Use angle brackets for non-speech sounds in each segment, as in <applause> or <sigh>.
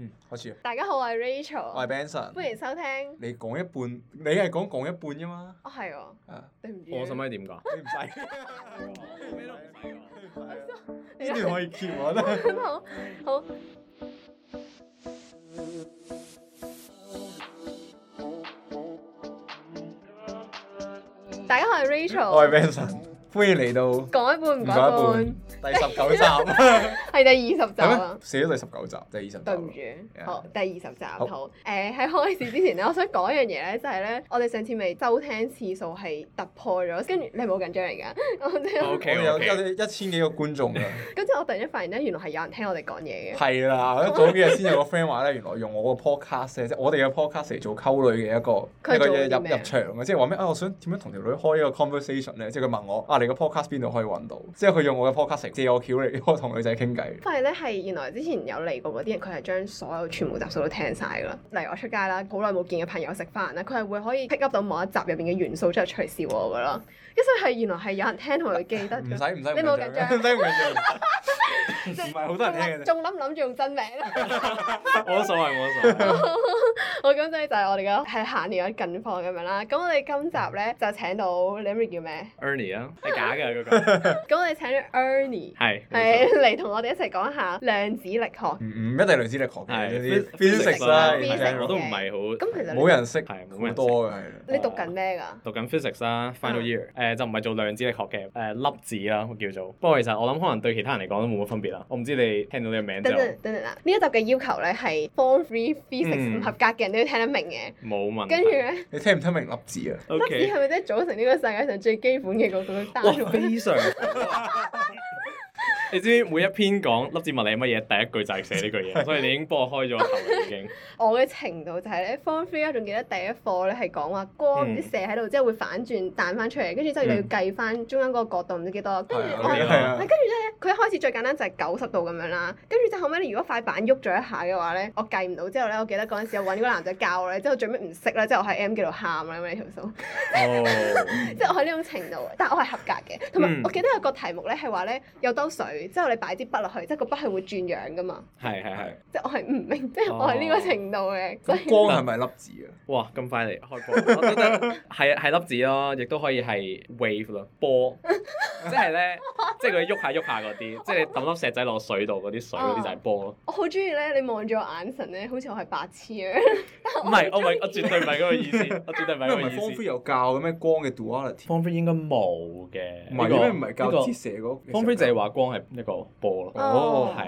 嗯，開始。大家好，我係 Rachel。我係 Benson。歡迎收聽。你講一半，你係講講一半啫嘛。哦，係喎。啊，對唔住。我使乜點講？你唔使。你都唔使。呢段可以揭我啦。好，好。大家好，我係 Rachel。我係 Benson。歡迎嚟到。講一半，唔講一半。第十九集，係第二十集啊！寫咗第十九集，第二十集。對唔住，好，第二十集好。誒喺開始之前呢，我想講一樣嘢呢，就係呢，我哋上次咪收聽次數係突破咗，跟住你係冇緊張嚟㗎。我哋有有一千幾個觀眾㗎。跟住我突然間發現呢，原來係有人聽我哋講嘢嘅。係啦，一早幾日先有個 friend 話呢，原來用我個 podcast 即係我哋嘅 podcast 嚟做溝女嘅一個嘅嘢入入場嘅，即係話咩啊？我想點樣同條女開一個 conversation 呢？即係佢問我啊，你個 podcast 邊度可以揾到？之後佢用我嘅 podcast 借我橋嚟，我同女仔傾偈。反而咧係原來之前有嚟過嗰啲人，佢係將所有全部集數都聽晒㗎啦。例如我出街啦，好耐冇見嘅朋友食飯啦，佢係會可以 pick up 到某一集入邊嘅元素之後出嚟笑我㗎啦。咁所以係原來係有人聽同埋記得嘅，你唔使唔使，唔使唔使，唔係好多人聽嘅。仲諗唔諗住用真名？冇所謂冇所謂。我講真就係我哋嘅係下年嘅近況咁樣啦。咁我哋今集咧就請到你嗰個叫咩？Erny 啊，假嘅嗰個。咁我哋請咗 Erny，係係嚟同我哋一齊講下量子力學。唔唔一定量子力學嘅，Physics 啦，Physics。我都唔係好，其實冇人識，係冇人多嘅。你讀緊咩㗎？讀緊 Physics 啊，Final Year。誒、呃、就唔係做量子力學嘅，誒，粒子啦，我叫做。不過其實我諗可能對其他人嚟講都冇乜分別啦。我唔知你聽到呢個名就等等。等等啦，呢一集嘅要求咧係 four three physics 唔合格嘅人都要聽得明嘅。冇問題。跟住咧。你聽唔聽明粒子啊？Okay. 粒子係咪即係組成呢個世界上最基本嘅嗰個單詞 b a 你知唔知每一篇講粒子物理係乜嘢，第一句就係寫呢句嘢， <laughs> 所以你已經幫我開咗個頭啦，已經。 <laughs> 我嘅程度就係、係、呢，form three 啊，仲記得第一課呢係講話光唔知射喺度之後會反轉彈翻出嚟，跟住之後你要計翻中間嗰個角度唔知幾多，跟住我係，跟住咧佢一開始最簡單就係九十度咁樣啦，跟住之後尾，呢如果塊板喐咗一下嘅話呢，我計唔到之後呢，我記得嗰陣時我揾個男仔教我咧，之後最尾唔識咧，之後我喺 M 記度喊啦咁樣條數，哦、 <laughs> 即係我係呢種程度，但我係合格嘅，同埋我記得有個題目呢，係話呢有兜水。之後你擺啲筆落去，即係個筆係會轉樣噶嘛？係係係。即我係唔明，即我係呢個程度嘅。光係咪粒子啊？哇！咁快嚟開波，係係粒子咯，亦都可以係 wave 咯，波。即係咧，即係佢喐下喐下嗰啲，即係抌粒石仔落水度嗰啲水嗰啲就係波咯。我好中意咧，你望住我眼神咧，好似我係白痴啊！唔係，我唔係，我絕對唔係嗰個意思，我絕對唔係嗰個意思。方菲有教嘅咩光嘅 duality？方菲應該冇嘅，唔係，因為唔係教黐蛇嗰。方菲就係話光係一個波咯，係、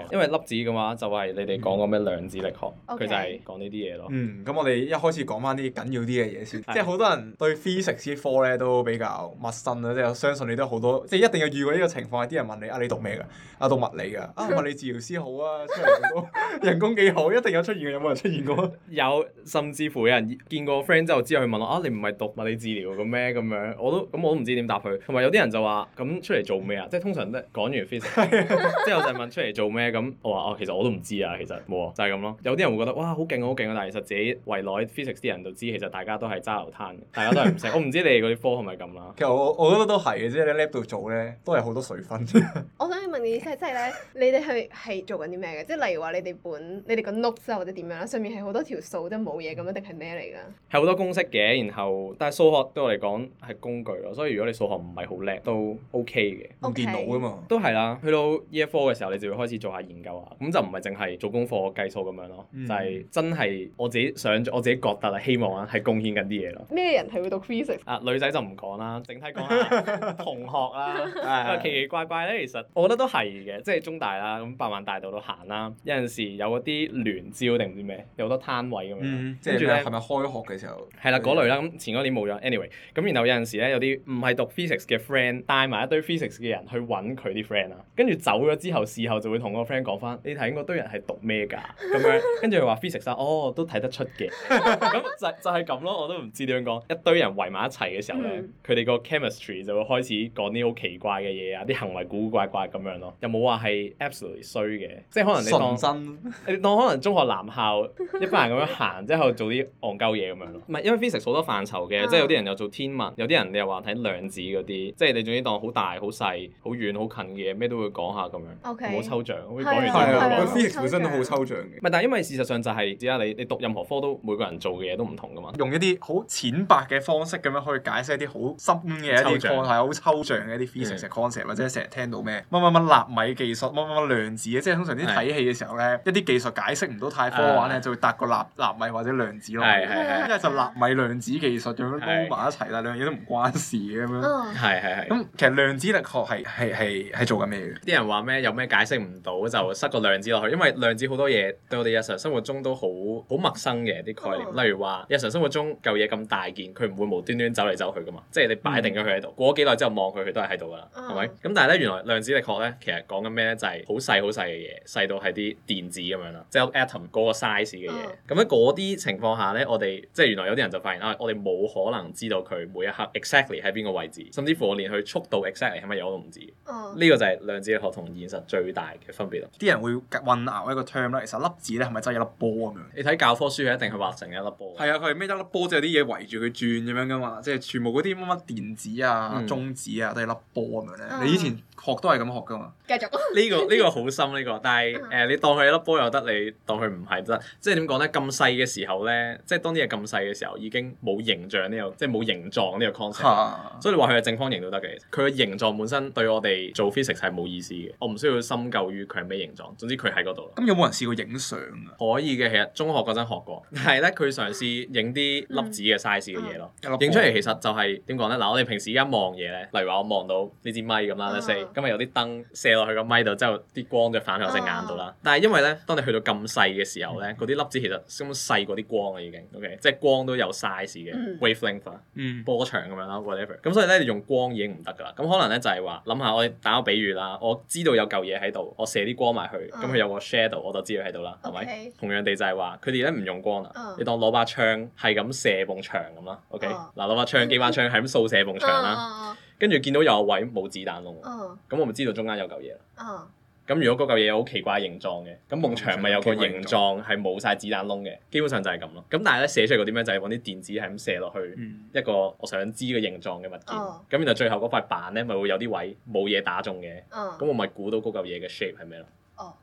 oh.，因為粒子嘅話就係、是、你哋講過咩量子力學，佢 Okay. 就係講呢啲嘢咯。嗯，咁我哋一開始講翻啲緊要啲嘅嘢先，即係好多人對 physics 科呢都比較陌生啦，即、就、係、是、相信你都好多，即、就、係、是、一定有遇過呢個情況，有啲人問你啊，你讀咩㗎？啊，讀物理㗎？啊，物理治療師好啊，出嚟人， <laughs> 人工幾好，一定有出現㗎，有冇人出現過？有，甚至乎有人見過 friend 之後之後去問我啊，你唔係讀物理治療㗎咩？咁樣我都咁我都唔知點答佢。同埋有啲人就話咁出嚟做咩啊？即係、 <laughs> 就是、通常咧講完 physics。 <laughs> 即係我就問出嚟做咩？咁我話哦，哦，其實我都唔知啊。其實冇啊，就係、是、咁咯。有啲人會覺得哇，好勁好勁啊！但係其實自己圍內 physics 啲人就知，其實大家都係渣流攤，大家都係唔識。我唔、 <laughs> 哦、知你哋嗰啲科係咪咁啦。其實我我覺得都係嘅，即係你 lap 度做咧，都係好多水分。 <laughs> 我想問你即係即係咧，你哋係係做緊啲咩嘅？即係例如話你哋本、你哋個 note 啊或者點樣啦，上面係好多條數都冇嘢咁，一定係咩嚟㗎？係好多公式嘅，然後但係數學對我嚟講係工具咯，所以如果你數學唔係好叻都 OK 嘅。用電腦啊嘛，都係啦，去到。到 Year Four 嘅時候，你就會開始做下研究啊，咁就唔係淨係做功課計數咁樣咯，嗯、就係真係我自己想，我自己覺得啊，希望啊，係貢獻緊啲嘢咯。咩人係會讀 physics 啊？女仔就唔講啦，整體講下同學啦，奇奇怪怪咧。其實我覺得都係嘅，即係中大啦，咁百萬大道都行啦，有陣時有啲聯招定唔知咩，有好多攤位咁樣。嗯、跟住咧，係咪開學嘅時候？係啦，嗰類啦。咁前嗰年冇咗 <laughs> ，anyway，咁然後有陣時咧，有啲唔係讀 physics 嘅 friend 帶埋一堆 physics 嘅人去揾佢啲 friend 啊，跟住。走咗之後，事後就會同個 friend 講翻，你睇嗰堆人係讀咩㗎？咁樣跟住佢話 physics 啊，哦，都睇得出嘅。咁 <laughs> 就就係咁咯，我都唔知點樣講。一堆人圍埋一齊嘅時候咧，佢哋個 chemistry 就會開始講啲好奇怪嘅嘢啊，啲行為古古怪怪咁樣咯。又冇話係 absolutely 衰嘅，即係可能你當真你當可能中學男校一班人咁樣行，之 <laughs> 後做啲戇鳩嘢咁樣咯。唔係，因為 physics 好多範疇嘅，即係有啲人又做天文，有啲人你又話睇量子嗰啲，即係你總之當好大好細、好遠好近嘅咩都會。講下咁樣，唔好抽象。我講完係啊，physics 本身都好抽象嘅。唔係，但係因為事實上就係，點解你你讀任何科都每個人做嘅嘢都唔同噶嘛？用一啲好淺白嘅方式咁樣去解釋一啲好深嘅一啲科係好抽象嘅一啲 physics concept 或者成日聽到咩？乜乜乜納米技術，乜乜乜量子嘅，即係通常啲睇戲嘅時候呢，一啲技術解釋唔到太科幻呢，就會搭個納納米或者量子咯。係係係，一係就納米量子技術咁樣撈埋一齊，但係兩樣嘢都唔關事嘅咁樣。係係係。咁其實量子力學係係係做緊咩嘅？啲人話咩？有咩解釋唔到就塞個量子落去，因為量子好多嘢對我哋日常生活中都好好陌生嘅啲概念，例如話日常生活中嚿嘢咁大件，佢唔會無端端走嚟走去噶嘛，即係你擺定咗佢喺度，嗯、過咗幾耐之後望佢，佢都係喺度噶啦，係咪、啊？咁但係咧，原來量子力學咧，其實講緊咩咧，就係好細好細嘅嘢，細到係啲電子咁樣啦，即係 atom 嗰個 size 嘅嘢。咁喺嗰啲情況下咧，我哋即係原來有啲人就發現啊，我哋冇可能知道佢每一刻 exactly 喺邊個位置，甚至乎我連佢速度 exactly 係乜嘢我都唔知。呢、啊、個就係量子。學同現實最大嘅分別咯，啲人會混淆一個 term 咧。其實粒子咧係咪真係一粒波咁樣？你睇教科書係一定係畫成一粒波。係啊，佢係咩一粒波，即係啲嘢圍住佢轉咁樣噶嘛，即係全部嗰啲乜乜電子啊、中子啊都係粒波咁樣咧。你以前學都係咁學㗎嘛，繼續。呢個呢個好深呢個，但係誒，你當佢一粒波又得，你當佢唔係都得，即係點講呢？咁細嘅時候呢，即係當啲嘢咁細嘅時候，已經冇形象呢個，即係冇形狀呢個 concept。所以你話佢係正方形都得嘅，佢嘅形狀本身對我哋做 physics 係冇意思嘅，我唔需要深究於佢係咩形狀。總之佢喺嗰度。咁有冇人試過影相啊？可以嘅，其實中學嗰陣學過，但係呢，佢嘗試影啲粒子嘅 size 嘅嘢咯，影出嚟其實就係點講呢？嗱，我哋平時依家望嘢呢，例如話我望到呢支咪咁啦，let's say。今日有啲燈射落去個咪度，之後啲光就反向我隻眼度啦。但係因為咧，當你去到咁細嘅時候咧，嗰啲粒子其實根本細過啲光啊，已經，OK，即係光都有 size 嘅 wavelength，波長咁樣啦，whatever。咁所以咧，你用光已經唔得噶啦。咁可能咧就係話，諗下我打個比喻啦，我知道有嚿嘢喺度，我射啲光埋去，咁佢有個 shadow，我就知道喺度啦，係咪？同樣地就係話，佢哋咧唔用光啊，你當攞把槍係咁射埲牆咁啦，OK？嗱，攞把槍幾把槍係咁掃射埲牆啦。跟住見到有個位冇子彈窿，咁、oh. 我咪知道中間有嚿嘢啦。咁、oh. 如果嗰嚿嘢好奇怪形狀嘅，咁夢牆咪有個形狀係冇晒子彈窿嘅，基本上就係咁咯。咁但係咧寫出嚟嗰啲咩就係揾啲電子係咁射落去一個我想知嘅形狀嘅物件。咁、oh. 然後最後嗰塊板咧咪會有啲位冇嘢打中嘅，咁、oh. 我咪估到嗰嚿嘢嘅 shape 係咩咯？哦，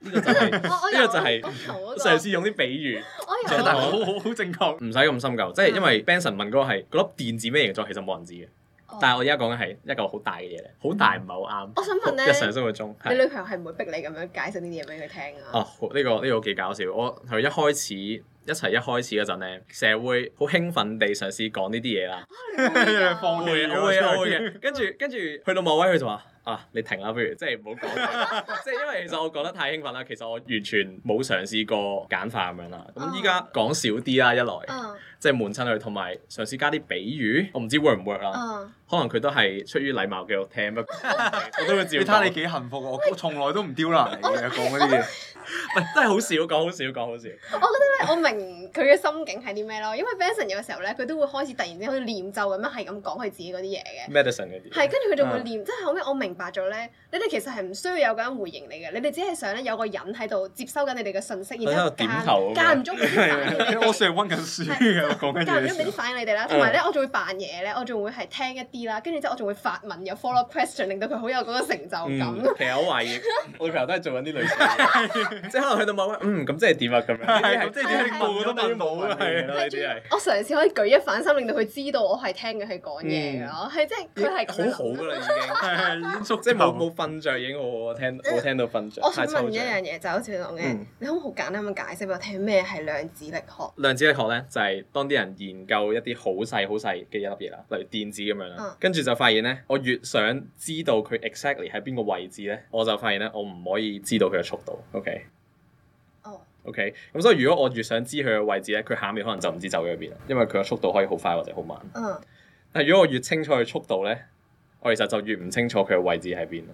呢個就係、是、呢 <laughs> 有個就係、是、 <laughs> 嘗試用啲比喻，我有 <laughs> 但係好好好正確。唔使咁深究，即係因為 Benson 問嗰個係嗰粒電子咩形狀，其實冇人知嘅。但係我而家講嘅係一個好大嘅嘢嚟，好大唔係好啱。我想問呢，日常生活中，你女朋友係唔會逼你咁樣解釋呢啲嘢俾佢聽啊？哦，呢個呢個幾搞笑。我同佢一開始一齊一開始嗰陣呢，成日會好興奮地嘗試講呢啲嘢啦，放亂咗嘅。跟住跟住去到某位佢就話：啊，你停啦，不如即係唔好講。即係因為其實我講得太興奮啦，其實我完全冇嘗試過簡化咁樣啦。咁依家講少啲啦，一來。即係悶親佢，同埋嘗試加啲比喻，我唔知 work 唔 work 啦。可能佢都係出於禮貌繼續聽，不過我都會自。你睇下你幾幸福啊！我從來都唔刁難你嘅，講嗰啲嘢，真係好少講，好少講，好少。我覺得咧，我明佢嘅心境係啲咩咯？因為 Benson 有時候咧，佢都會開始突然之好似念咒咁樣，係咁講佢自己嗰啲嘢嘅。Medicine 嗰啲係跟住佢就會念。即係後尾我明白咗咧，你哋其實係唔需要有個人回應你嘅，你哋只係想咧有個人喺度接收緊你哋嘅信息，然之後點頭，間唔中。我成日溫緊書㗎。間唔中俾啲反應你哋啦，同埋咧我仲會扮嘢咧，我仲會係聽一啲啦，跟住之後我仲會發文，有 follow question，令到佢好有嗰個成就感。其實我懷疑，我女朋友都係做緊啲類似嘅，即係可能去到某，嗯咁即係點啊咁樣，即係你問我都冇，到係咯，呢啲係。我嘗試可以舉一反三，令到佢知道我係聽佢去講嘢嘅，我係即係佢係咁。好好㗎啦，已經係係，已經熟，即係冇冇瞓着已經，我我聽我聽到瞓着。我想問一樣嘢，就好似你講嘅，你可唔可以好簡單咁解釋俾我聽咩係量子力學？量子力學咧就係。當啲人研究一啲好細好細嘅一粒嘢啦，例如電子咁樣啦，uh. 跟住就發現咧，我越想知道佢 exactly 喺邊個位置咧，我就發現咧，我唔可以知道佢嘅速度。OK？哦。Uh. OK？咁所以如果我越想知佢嘅位置咧，佢下面可能就唔知走咗去邊啦，因為佢嘅速度可以好快或者好慢。嗯。Uh. 但係如果我越清楚佢速度咧，我其實就越唔清楚佢嘅位置喺邊。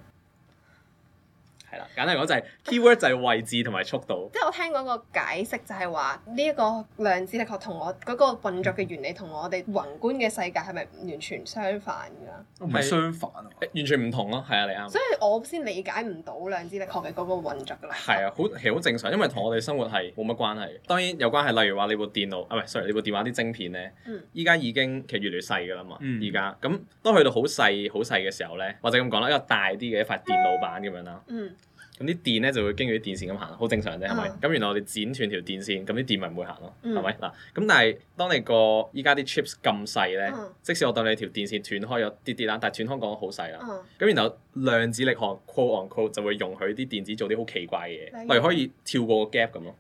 係啦，簡單講就係、是、keyword 就係位置同埋速度。即係、 <noise> 就是、我聽嗰個解釋就係話呢一個量子力學同我嗰個運作嘅原理同我哋宏觀嘅世界係咪完全相反㗎？唔係相反啊，完全唔同咯、啊，係啊，你啱。所以我先理解唔到量子力學嘅嗰個運作。係啊，好其實好正常，因為同我哋生活係冇乜關係。當然有關係，例如話你部電腦啊，唔係，sorry，你部電話啲晶片咧，依家、嗯、已經其實越嚟越細㗎啦嘛。而家咁當去到好細好細嘅時候咧，或者咁講啦，一個大啲嘅一塊電腦板咁樣啦。嗯嗯。啲電咧就會經過啲電線咁行，好正常啫，係咪、嗯？咁原來我哋剪斷條電線，咁啲電咪唔會行咯，係咪、嗯？嗱，咁但係當你個依家啲 chips 咁細咧，即使我當你條電線斷開咗啲啲啦，但係斷開講得好細啦。咁然後量子力學 quote on quote 就會容許啲電子做啲好奇怪嘅嘢，嗯、例如可以跳過個 gap 咁咯。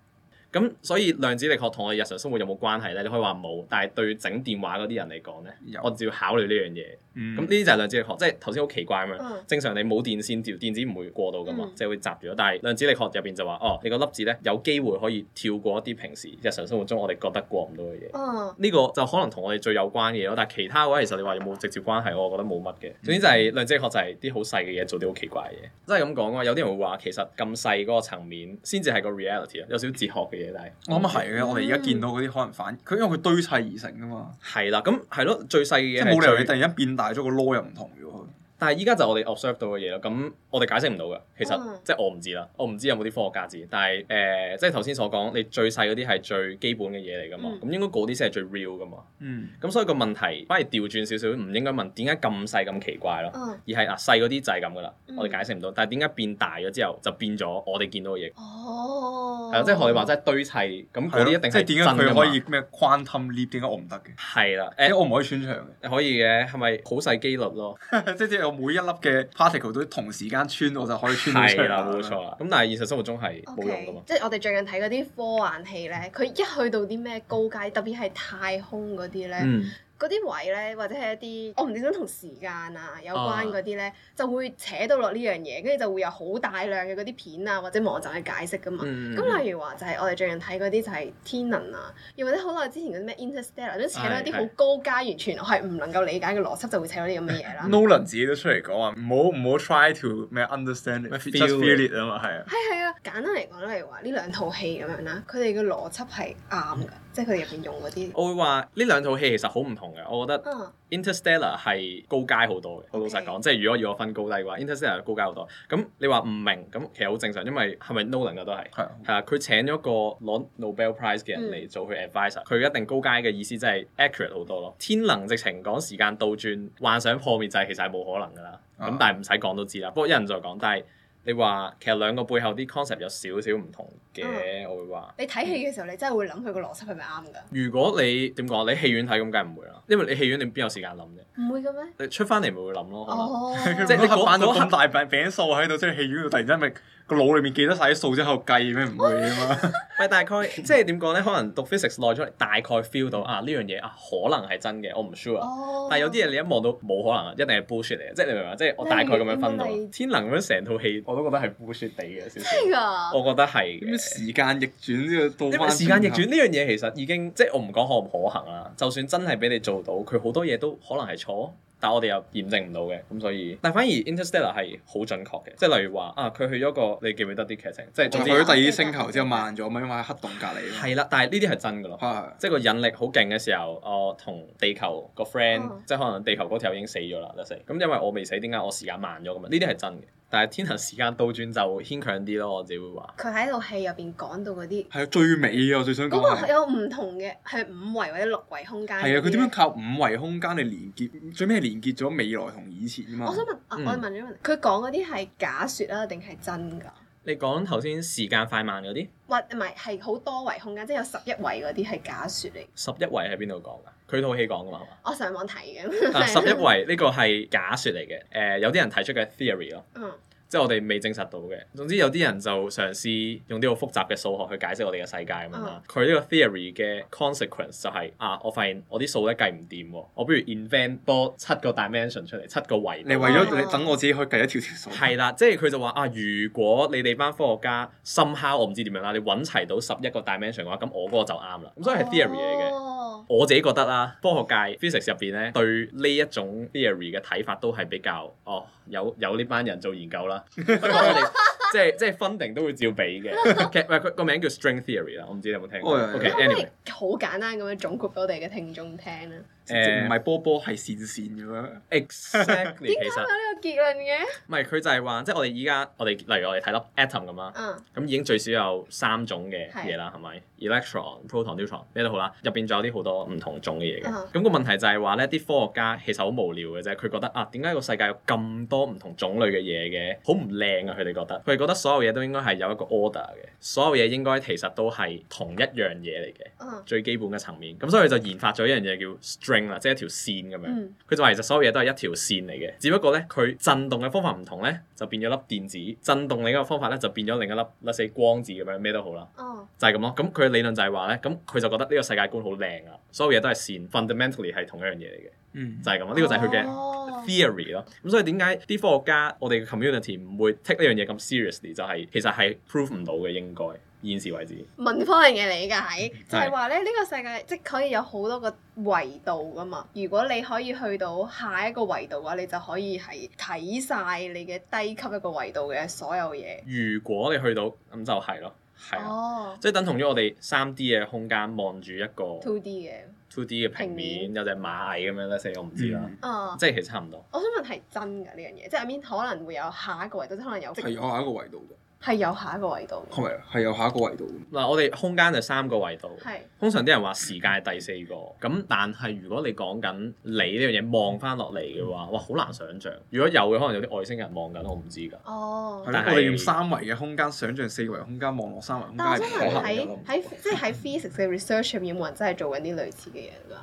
咁所以量子力學同我日常生活有冇關係咧？你可以話冇，但係對整電話嗰啲人嚟講咧，有我照考慮呢樣嘢。咁呢啲就係量子力學，即係頭先好奇怪㗎嘛。嗯、正常你冇電線條，電子唔會過到㗎嘛，即、就、係、是、會閘住，但係量子力學入邊就話，哦，你個粒子咧有機會可以跳過一啲平時日常生活中我哋覺得過唔到嘅嘢。呢、嗯、個就可能同我哋最有關嘅嘢咯。但係其他嗰啲其實你話有冇直接關係，我覺得冇乜嘅。嗯、總之就係量子力學就係啲好細嘅嘢做啲好奇怪嘅嘢。真係咁講啊！有啲人會話其實咁細嗰個層面先至係個 reality 啊，有少少哲學嘅。我諗係嘅，嗯、我哋而家見到嗰啲可能反佢，因為佢堆砌而成噶嘛。係啦，咁係咯，最細嘅嘢即係冇理由你突然間變大咗個窿又唔同嘅喎。但係依家就我哋 observe 到嘅嘢咯，咁我哋解釋唔到噶，其實即係我唔知啦，我唔知有冇啲科學家知。但係誒，即係頭先所講，你最細嗰啲係最基本嘅嘢嚟噶嘛，咁應該嗰啲先係最 real 噶嘛，嗯，咁所以個問題反而調轉少少，唔應該問點解咁細咁奇怪咯，而係啊細嗰啲就係咁噶啦，我哋解釋唔到，但係點解變大咗之後就變咗我哋見到嘅嘢？哦，係啊，即係學你話齋堆砌，咁嗰啲一定即係點解佢可以咩 quantum leap？點解我唔得嘅？係啦，誒我唔可以穿牆嘅，可以嘅係咪好細機率咯？即即係。每一粒嘅 particle 都同時間穿，我就可以穿到出嚟啦。冇錯啦。咁但係現實生活中係冇用噶嘛。Okay，即係我哋最近睇嗰啲科幻戲咧，佢一去到啲咩高階，特別係太空嗰啲咧。嗯嗰啲位咧，或者係一啲我唔知點同時間啊有關嗰啲咧，啊、就會扯到落呢樣嘢，跟住就會有好大量嘅嗰啲片啊或者網站去解釋噶嘛。咁、嗯、例如話就係我哋最近睇嗰啲就係天能啊，又或者好耐之前嗰啲咩 Interstellar 都扯到一啲好高階、哎、完全我係唔能夠理解嘅邏輯，就會扯到啲咁嘅嘢啦。Nolan 的自己都出嚟講啊，唔好唔好 try to 咩 understand it I feel, feel it 啊嘛。係啊，係係啊。簡單嚟講咧，例如話呢兩套戲咁樣啦，佢哋嘅邏輯係啱嘅。即係佢入邊用嗰啲，我會話呢兩套戲其實好唔同嘅。我覺得《Interstellar》係高階好多嘅。Okay. 老實講，即係如果要我分高低嘅話，《Interstellar》係高階好多。咁你話唔明咁，其實好正常，因為係咪 Nolan 啊都係係的啊，佢請咗個攞 Nobel Prize 嘅人嚟做佢 adviser，佢一定高階嘅意思即係 accurate 好多咯。天能直情講時間倒轉、幻想破滅就係其實係冇可能㗎啦。咁、uh huh. 但係唔使講都知啦。不過一陣再講，但係。你話其實兩個背後啲 concept 有少少唔同嘅，我會話。你睇戲嘅時候，你真係會諗佢個邏輯係咪啱㗎？如果你點講，你戲院睇咁梗係唔會啦，因為你戲院你邊有時間諗啫。唔會嘅咩？你出翻嚟咪會諗咯。即係你講到咁大餅餅數喺度，即係戲院度突然間咪。個腦裏面記得晒啲數之後喺度計咩唔會啊嘛？喂， <laughs> <laughs> 大概即係點講咧？可能讀 physics 耐出嚟，大概 feel 到啊呢樣嘢啊，啊可能係真嘅，我唔 sure、oh. 但係有啲嘢你一望到冇可能啊，一定係 bullshit 嚟嘅。即係你明唔明嘛？即係我大概咁樣分到 <laughs> 天能咁樣成套戲，我都覺得係 bullshit 地嘅少少。我覺得係。咁時間逆轉呢個？你話時間逆轉呢樣嘢其實已經即係我唔講可唔可行啦。就算真係俾你做到，佢好多嘢都可能係錯。但我哋又驗證唔到嘅，咁所以。但反而 Interstellar 係好準確嘅，即係例如話啊，佢去咗個你記唔記得啲劇情？即去咗第二星球之後慢咗咩嘛？喺黑洞隔離。係啦，但係呢啲係真嘅咯。啊的！即係個引力好勁嘅時候，我同地球個 friend，的即係可能地球嗰條友已經死咗啦，let's say。咁因為我未死，點解我時間慢咗咁啊？呢啲係真嘅。但係 Tenet 時間倒轉就會牽強啲咯，我自己會話。佢喺套戲入邊講到嗰啲係啊最美嘅。我最想講。嗰個有唔同嘅係五維或者六維空間。係啊，佢點樣靠五維空間嚟連結？最尾係連結咗未來同以前啊嘛。我想問啊，我問咗問佢講嗰啲係假説啦、啊，定係真㗎？你講頭先時間快慢嗰啲，或唔係係好多維空間，即係有十一維嗰啲係假說嚟。十一維喺邊度講㗎？佢套戲講㗎嘛？係嘛，我上網睇嘅。啊！十一維呢個係假說嚟嘅，誒、呃、有啲人提出嘅 theory 咯。嗯。即係我哋未證實到嘅。總之有啲人就嘗試用啲好複雜嘅數學去解釋我哋嘅世界咁樣啦。佢呢、嗯啊、個 theory 嘅 consequence 就係、是、啊，我發現我啲數咧計唔掂喎，我不如 invent 多七個 dimension 出嚟，七個維度。你為咗、啊、你等我自己去計一條條數。係啦、啊，即係佢就話啊，如果你哋班科學家 somehow 我唔知點樣啦，你揾齊到十一個 dimension 嘅話，咁我嗰個就啱啦。咁、啊、所以係 theory 嚟嘅。哦、我自己覺得啦，科學界 physics 入邊咧對呢一種 theory 嘅睇法都係比較哦。有有呢班人做研究啦，即係即係 funding 都會照俾嘅， <laughs> 其個名叫 string theory 啦，我唔知你有冇聽過。對 OK，anyway，Okay ,好簡單咁樣總括俾我哋嘅聽眾聽啦。誒唔係波波係線線咁樣。Exactly <laughs> 其實。點抽到呢個結論嘅？唔係佢就係話，即我哋依家我哋例如我哋睇粒 atom 咁啦，咁、嗯、已經最少有三種嘅嘢啦，係咪？Electron、proton、neutron 咩都好啦。入邊仲有啲好多唔同種嘅嘢嘅。咁、嗯、個問題就係話呢啲科學家其實好無聊嘅啫。佢覺得啊，點解個世界有咁多唔同種類嘅嘢嘅？好唔靚啊！佢哋覺得，佢哋覺得所有嘢都應該係有一個 order 嘅，所有嘢應該其實都係同一樣嘢嚟嘅。嗯、最基本嘅層面。咁所以佢就研發咗一樣嘢叫。即係一條線咁樣，佢、嗯、就話其實所有嘢都係一條線嚟嘅，只不過咧佢震動嘅方法唔同咧，就變咗粒電子震動另一個方法咧就變咗另一粒類似光子咁樣咩都好啦，哦、就係咁咯。咁佢嘅理論就係話咧，咁佢就覺得呢個世界觀好靚啦，所有嘢都係線，fundamentally 係、嗯、同一樣嘢嚟嘅，就係咁咯。呢、呢個就係佢嘅 theory 咯、哦。咁所以點解啲科學家我哋 community 唔會 take 呢樣嘢咁 seriously？就係其實係 prove 唔到嘅應該。現時為止，文科人嘅理解是就係話咧，呢、呢個世界即係可以有好多個維度噶嘛。如果你可以去到下一個維度嘅話，你就可以係睇晒你嘅低級一個維度嘅所有嘢。如果你去到，咁就係咯，係。哦。即係等同於我哋三 D 嘅空間望住一個。Two D 嘅。Two D 嘅平面，平面有隻螞蟻咁樣咧，四我唔知啦。嗯嗯、即係其實差唔多。我想問係真㗎呢樣嘢，即係入面可能會有下一個維度，即可能有。係有下一個維度係有下一個維度，係咪？係有下一個維度。嗱，我哋空間就三個維度，是通常啲人話時間係第四個。咁但係如果你講緊你呢樣嘢望翻落嚟嘅話，哇，好難想像。如果有嘅，可能有啲外星人望緊，我唔知㗎。哦，係咯是，我哋、嗯、用三維嘅空間想像四維空間，望落三維空間係但 可喺即係喺 physics 嘅 research 入面，有冇人真係做緊啲類似嘅嘢㗎？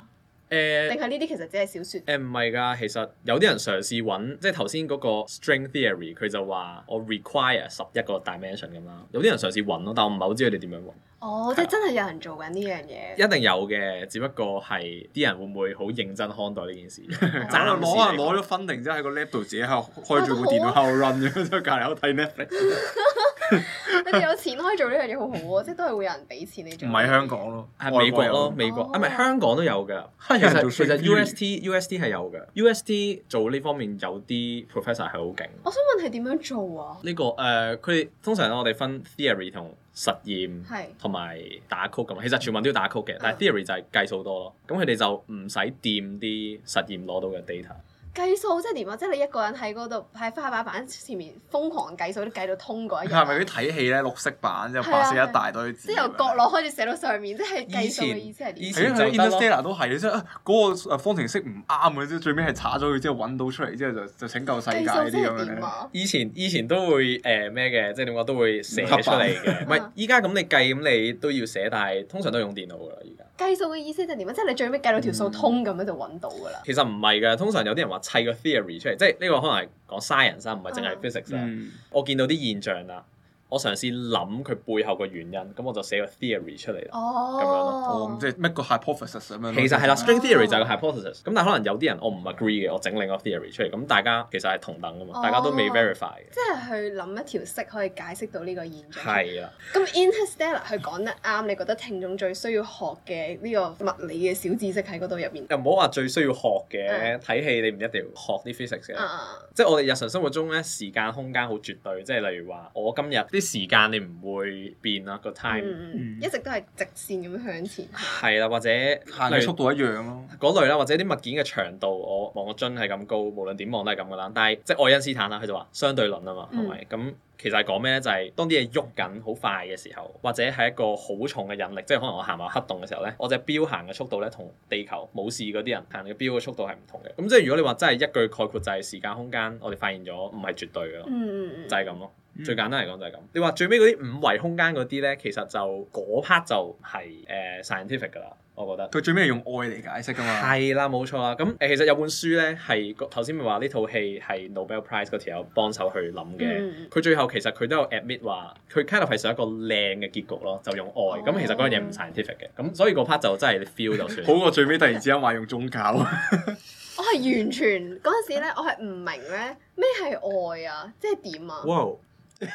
誒，定係呢啲其實只係小說？誒唔係㗎，其實有啲人嘗試揾，即係頭先嗰個 string theory，佢就話我 require 十一個 dimension 咁啦。有啲人嘗試揾咯，但我唔係好知佢哋點樣揾。哦，對即係真係有人做緊呢樣嘢。一定有嘅，只不過係啲人會唔會好認真看待呢件事？攞啊攞咗分定，即係喺個 lab 度自己喺度開住部電腦喺度 run，咁之後隔離好睇 n <laughs> <laughs> 你哋有錢可以做呢樣嘢好好喎，即係都係會有人俾錢你做。唔係香港咯，係美國咯，美國啊，唔係香港都有嘅。 <laughs> 其實其實 UST UST 係有嘅，UST 做呢方面有啲 professor 係好勁。我想問係點樣做啊？呢、呢個誒，佢、呃、哋通常我哋分 theory 同實驗，同埋是打 code 咁。其實全部都要打 code 嘅，但係 theory 就係計數多咯。咁佢哋就唔使掂啲實驗攞到嘅 data。計數即係點啊？即係你一個人喺嗰度喺花板前面瘋狂計數，都計到通嗰一日。係咪嗰啲睇戲呢？綠色版，之後白色一大堆字。由角落開始寫到上面，前即係計數嘅意思係點？以前，以前 Interstellar 都係、呃，即係嗰個方程式唔啱嘅，即係最尾係查咗佢之後揾到出嚟，之後就拯救世界啲咁樣。計以前以前都會誒咩嘅，即係點講都會寫出嚟嘅。唔係啊！依家咁你計咁你都要寫，但係通常都用電腦㗎啦，而家。計數嘅意思就點啊？即係你最尾計到條數通咁、嗯、樣就揾到㗎啦。其實唔係㗎，通常有啲人話。替個 theory 出嚟，即係呢個可能係講 science 啊，唔係淨係 physics 啊，嗯、我見到啲現象啦。我嘗試諗佢背後嘅原因，咁我就寫個 theory 出嚟啦。哦，咁樣咯，即係 make 個 hypothesis 咁樣。其實係啦，string theory 就係個 hypothesis。咁但係可能有啲人我唔 agree 嘅，我整另一個 theory 出嚟，咁大家其實係同等㗎嘛，大家都未 verify 嘅。即係去諗一條式可以解釋到呢個現象。係啊。咁 Interstellar 佢講得啱，你覺得聽眾最需要學嘅呢個物理嘅小知識喺嗰度入邊？又唔好話最需要學嘅，睇戲你唔一定要學啲 physics 嘅。即係我哋日常生活中咧，時間空間好絕對，即係例如話我今日。啲時間你唔會變啊，個 time、嗯嗯、一直都係直線咁向前，係啦，或者行嘅速度一樣咯。嗰類啦，或者啲物件嘅長度，我望個樽係咁高，無論點望都係咁噶啦。但係即係愛因斯坦啦，佢就話相對論啊嘛，係咪、嗯？咁其實係講咩咧？就係、是、當啲嘢喐緊好快嘅時候，或者係一個好重嘅引力，即係可能我行埋黑洞嘅時候咧，我隻錶行嘅速度咧，同地球冇事嗰啲人行嘅錶嘅速度係唔同嘅。咁即係如果你話真係一句概括就係時間空間，我哋發現咗唔係絕對嘅咯，嗯、就係咁咯。最簡單嚟講就係咁。你話最尾嗰啲五維空間嗰啲咧，其實就嗰 part 就係、是、誒、呃、scientific 㗎啦。我覺得佢最尾係用愛嚟解釋㗎嘛，係啦冇錯啊。咁其實有本書呢，係頭先咪話呢套戲係 Nobel Prize 嗰條友幫手去諗嘅。佢、嗯、最後其實佢都有 admit 話佢 kind of 係想一個靚嘅結局咯，就用愛。咁、哦、其實嗰樣嘢唔 scientific 嘅。咁所以個 part 就真係 feel 就算。 <laughs> 好過最尾突然之間話用宗教。 <laughs> 我係完全嗰陣時咧，我係唔明呢咩係愛啊，即係點啊？Wow. 我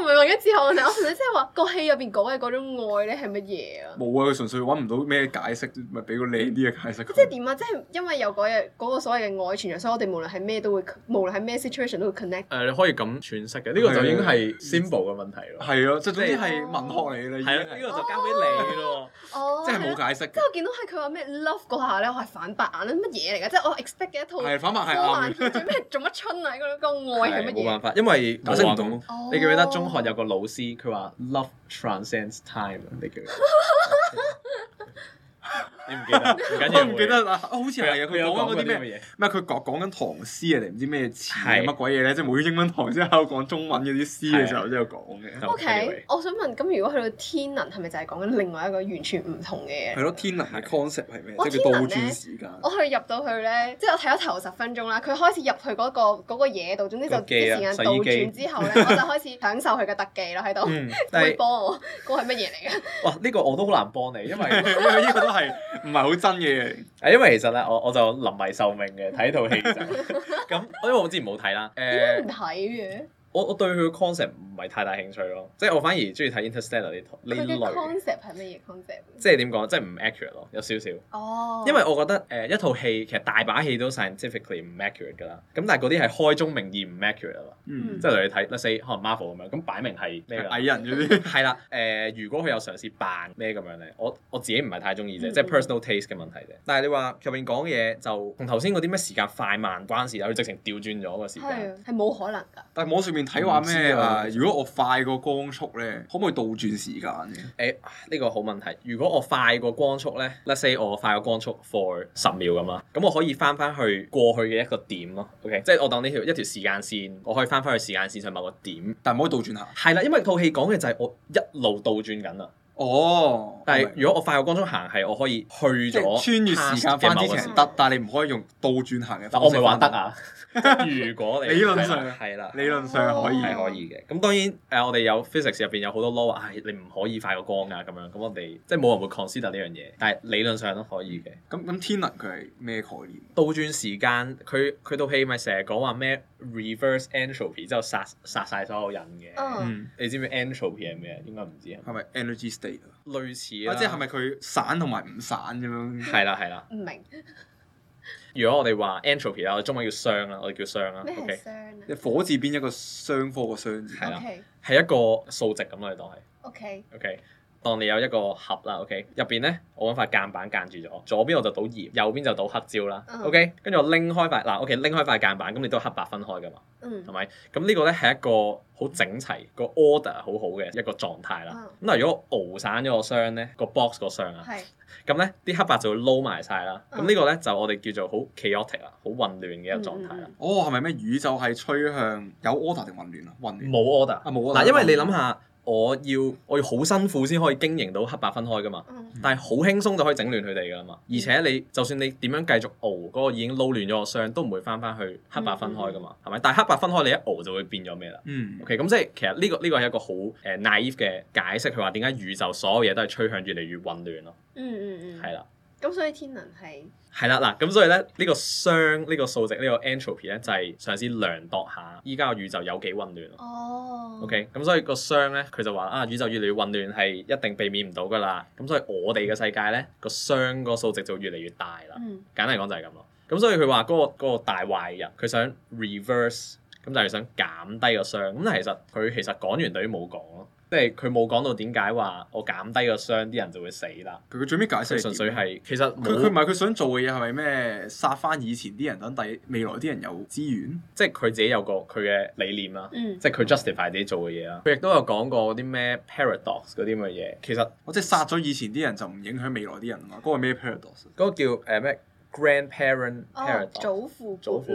唔係問一次，我純粹即係話個戲入邊講嘅嗰種愛咧係乜嘢啊？冇啊，佢純粹揾唔到咩解釋，咪俾個你啲嘅解釋。即係點啊？即係因為有嗰嘢，個所謂嘅愛情，所以我哋無論係咩都會，無論係咩 situation 都會 connect。誒，你可以咁揣測嘅，呢個就已經係 symbol 嘅問題咯。係咯，即係總之係文學嚟啦。係咯，呢個就交俾你咯。哦，即係冇解釋。我見到係佢話咩 love 嗰下咧，我係反白眼啦！乜嘢嚟噶？即係我 expect 嘅一套係反白係咩做乜春？係冇、 <noise> 那個、辦法，因為我聽唔懂。你記唔記得中學有個老師佢話，Love transcends time。你記唔記得？ <laughs> 你唔記得？我唔記得啦，好似係啊。佢有講啲咩嘢？咩佢講講緊唐詩啊？定唔知咩詞？係乜鬼嘢咧？即係每英文唐詩喺度講中文嗰啲詩嘅時候都有講嘅。O K，我想問，咁如果去到天能係咪就係講緊另外一個完全唔同嘅嘢？係咯，天能嘅 concept 係咩？即係叫倒轉時間。我去入到去咧，即係我睇咗頭十分鐘啦。佢開始入去嗰個嘢度，總之就啲時間倒轉之後咧，我就開始享受佢嘅特技咯喺度。嗯，但幫我，嗰個係乜嘢嚟嘅？哇，呢個我都好難幫你，因為呢個都係。唔係好真嘅，啊，因為其實咧，我我就臨危受命嘅睇套戲就咁，因為我之前冇睇啦，誒、 <laughs> 呃。我我對佢嘅 concept 唔係太大興趣咯，即係我反而中意睇 Interstellar 呢呢類。佢嘅 concept 係乜嘢 concept？即係點講？即係唔 accurate 咯，有少少。Oh. 因為我覺得誒、呃、一套戲其實大把戲都 scientifically 唔 accurate 㗎、mm. 呃、啦，咁但係嗰啲係開宗明義唔 accurate 啊嘛。即係例如睇 let's say 可能 Marvel 咁樣，咁擺明係咩㗎？藝人嗰啲。係啦，誒，如果佢有嘗試扮咩咁樣咧，我我自己唔係太中意啫，mm hmm. 即係 personal taste 嘅問題啫。但係你話上面講嘢就同頭先嗰啲咩時間快慢關事啊，佢直情調轉咗個時間。係。冇可能㗎。但係網上面。睇話咩啊？如果我快過光速咧，可唔可以倒轉時間嘅？誒、哎，呢、這個好問題。如果我快過光速咧，let's say 我快過光速 for 十秒咁啦，咁我可以翻翻去過去嘅一個點咯。OK，即係我當呢條一條時間線，我可以翻翻去時間線上某個點，但唔可以倒轉行。係啦、嗯，因為套戲講嘅就係我一路倒轉緊啦。哦，但係如果我快過光速行，係我，我可以去咗穿越時間返之前。得，但係你唔可以用倒轉行嘅。我咪玩得啊！ <laughs> 如果你理論上係啦，理論上可以係可以嘅。咁當然，誒我哋有 physics 入邊有好多 law 話你唔可以快過光㗎咁樣。咁我哋即係冇人會 consider 呢樣嘢。但係理論上都可以嘅。咁咁天能佢係咩概念？倒轉時間，佢佢套戲咪成日講話咩 reverse entropy 之後殺殺晒所有人嘅。你知唔知 entropy 係咩？應該唔知係咪 energy state 類似啊？即係咪佢散同埋唔散咁樣？係啦係啦。唔明。如果我哋話 entropy 啦，我哋中文叫熵啦，我哋叫熵啦。咩熵啊？你 Okay. 火字邊一個商科個商字？係啦，係一個數值咁啦，你當係。OK。OK。當你有一個盒啦，OK，入邊咧，我揾塊間板間住咗，左邊我就倒鹽，右邊就倒黑椒啦，OK，跟住我拎開塊，嗱，OK，拎開塊間板，咁你都黑白分開噶嘛，係咪？咁呢個咧係一個好整齊個 order 好好嘅一個狀態啦。咁如果熬散咗個箱咧，個 box 個箱啊，咁咧啲黑白就會撈埋晒啦。咁呢個咧就我哋叫做好 chaotic 啦，好混亂嘅一個狀態啦。哦，係咪咩宇宙係趨向有 order 定混亂啊？混亂。冇 order 啊，冇 order。嗱，因為你諗下。我要我要好辛苦先可以經營到黑白分開噶嘛，但係好輕鬆就可以整亂佢哋噶嘛。而且你就算你點樣繼續熬，嗰、那個已經撈亂咗個相都唔會翻翻去黑白分開噶嘛，係咪、嗯？但係黑白分開你一熬就會變咗咩啦？OK，咁即係其實呢、這個呢、這個係一個好誒 naive 嘅解釋，佢話點解宇宙所有嘢都係趨向越嚟越混亂咯。嗯嗯嗯，係啦。咁所以天能係，係啦嗱，咁所以咧呢、這個熵，這個數這個、entropy, 呢個數值呢個 entropy 咧就係嘗試量度下依家個宇宙有幾混亂。哦、oh.，OK，咁所以個熵咧佢就話啊，宇宙越嚟越混亂係一定避免唔到噶啦。咁所以我哋嘅世界咧、這個熵個數值就越嚟越大啦。Mm. 簡單嚟講就係咁咯。咁所以佢話嗰個嗰、嗰個大壞人佢想 reverse，咁就係想減低個熵。咁但係其實佢其實講完等於冇講咯。即係佢冇講到點解話我減低個傷，啲人就會死啦。佢佢最尾解釋純粹係其實佢唔係佢想做嘅嘢係咪咩殺翻以前啲人等第未來啲人有資源？即係佢自己有個佢嘅理念啦。嗯、即係佢 justify 自己做嘅嘢啦。佢亦都有講過啲咩 paradox 嗰啲咁嘅嘢。其實我即係殺咗以前啲人就唔影響未來啲人啊嘛。嗰、嗰個咩 paradox？嗰個叫誒咩 grandparent paradox？哦、祖父母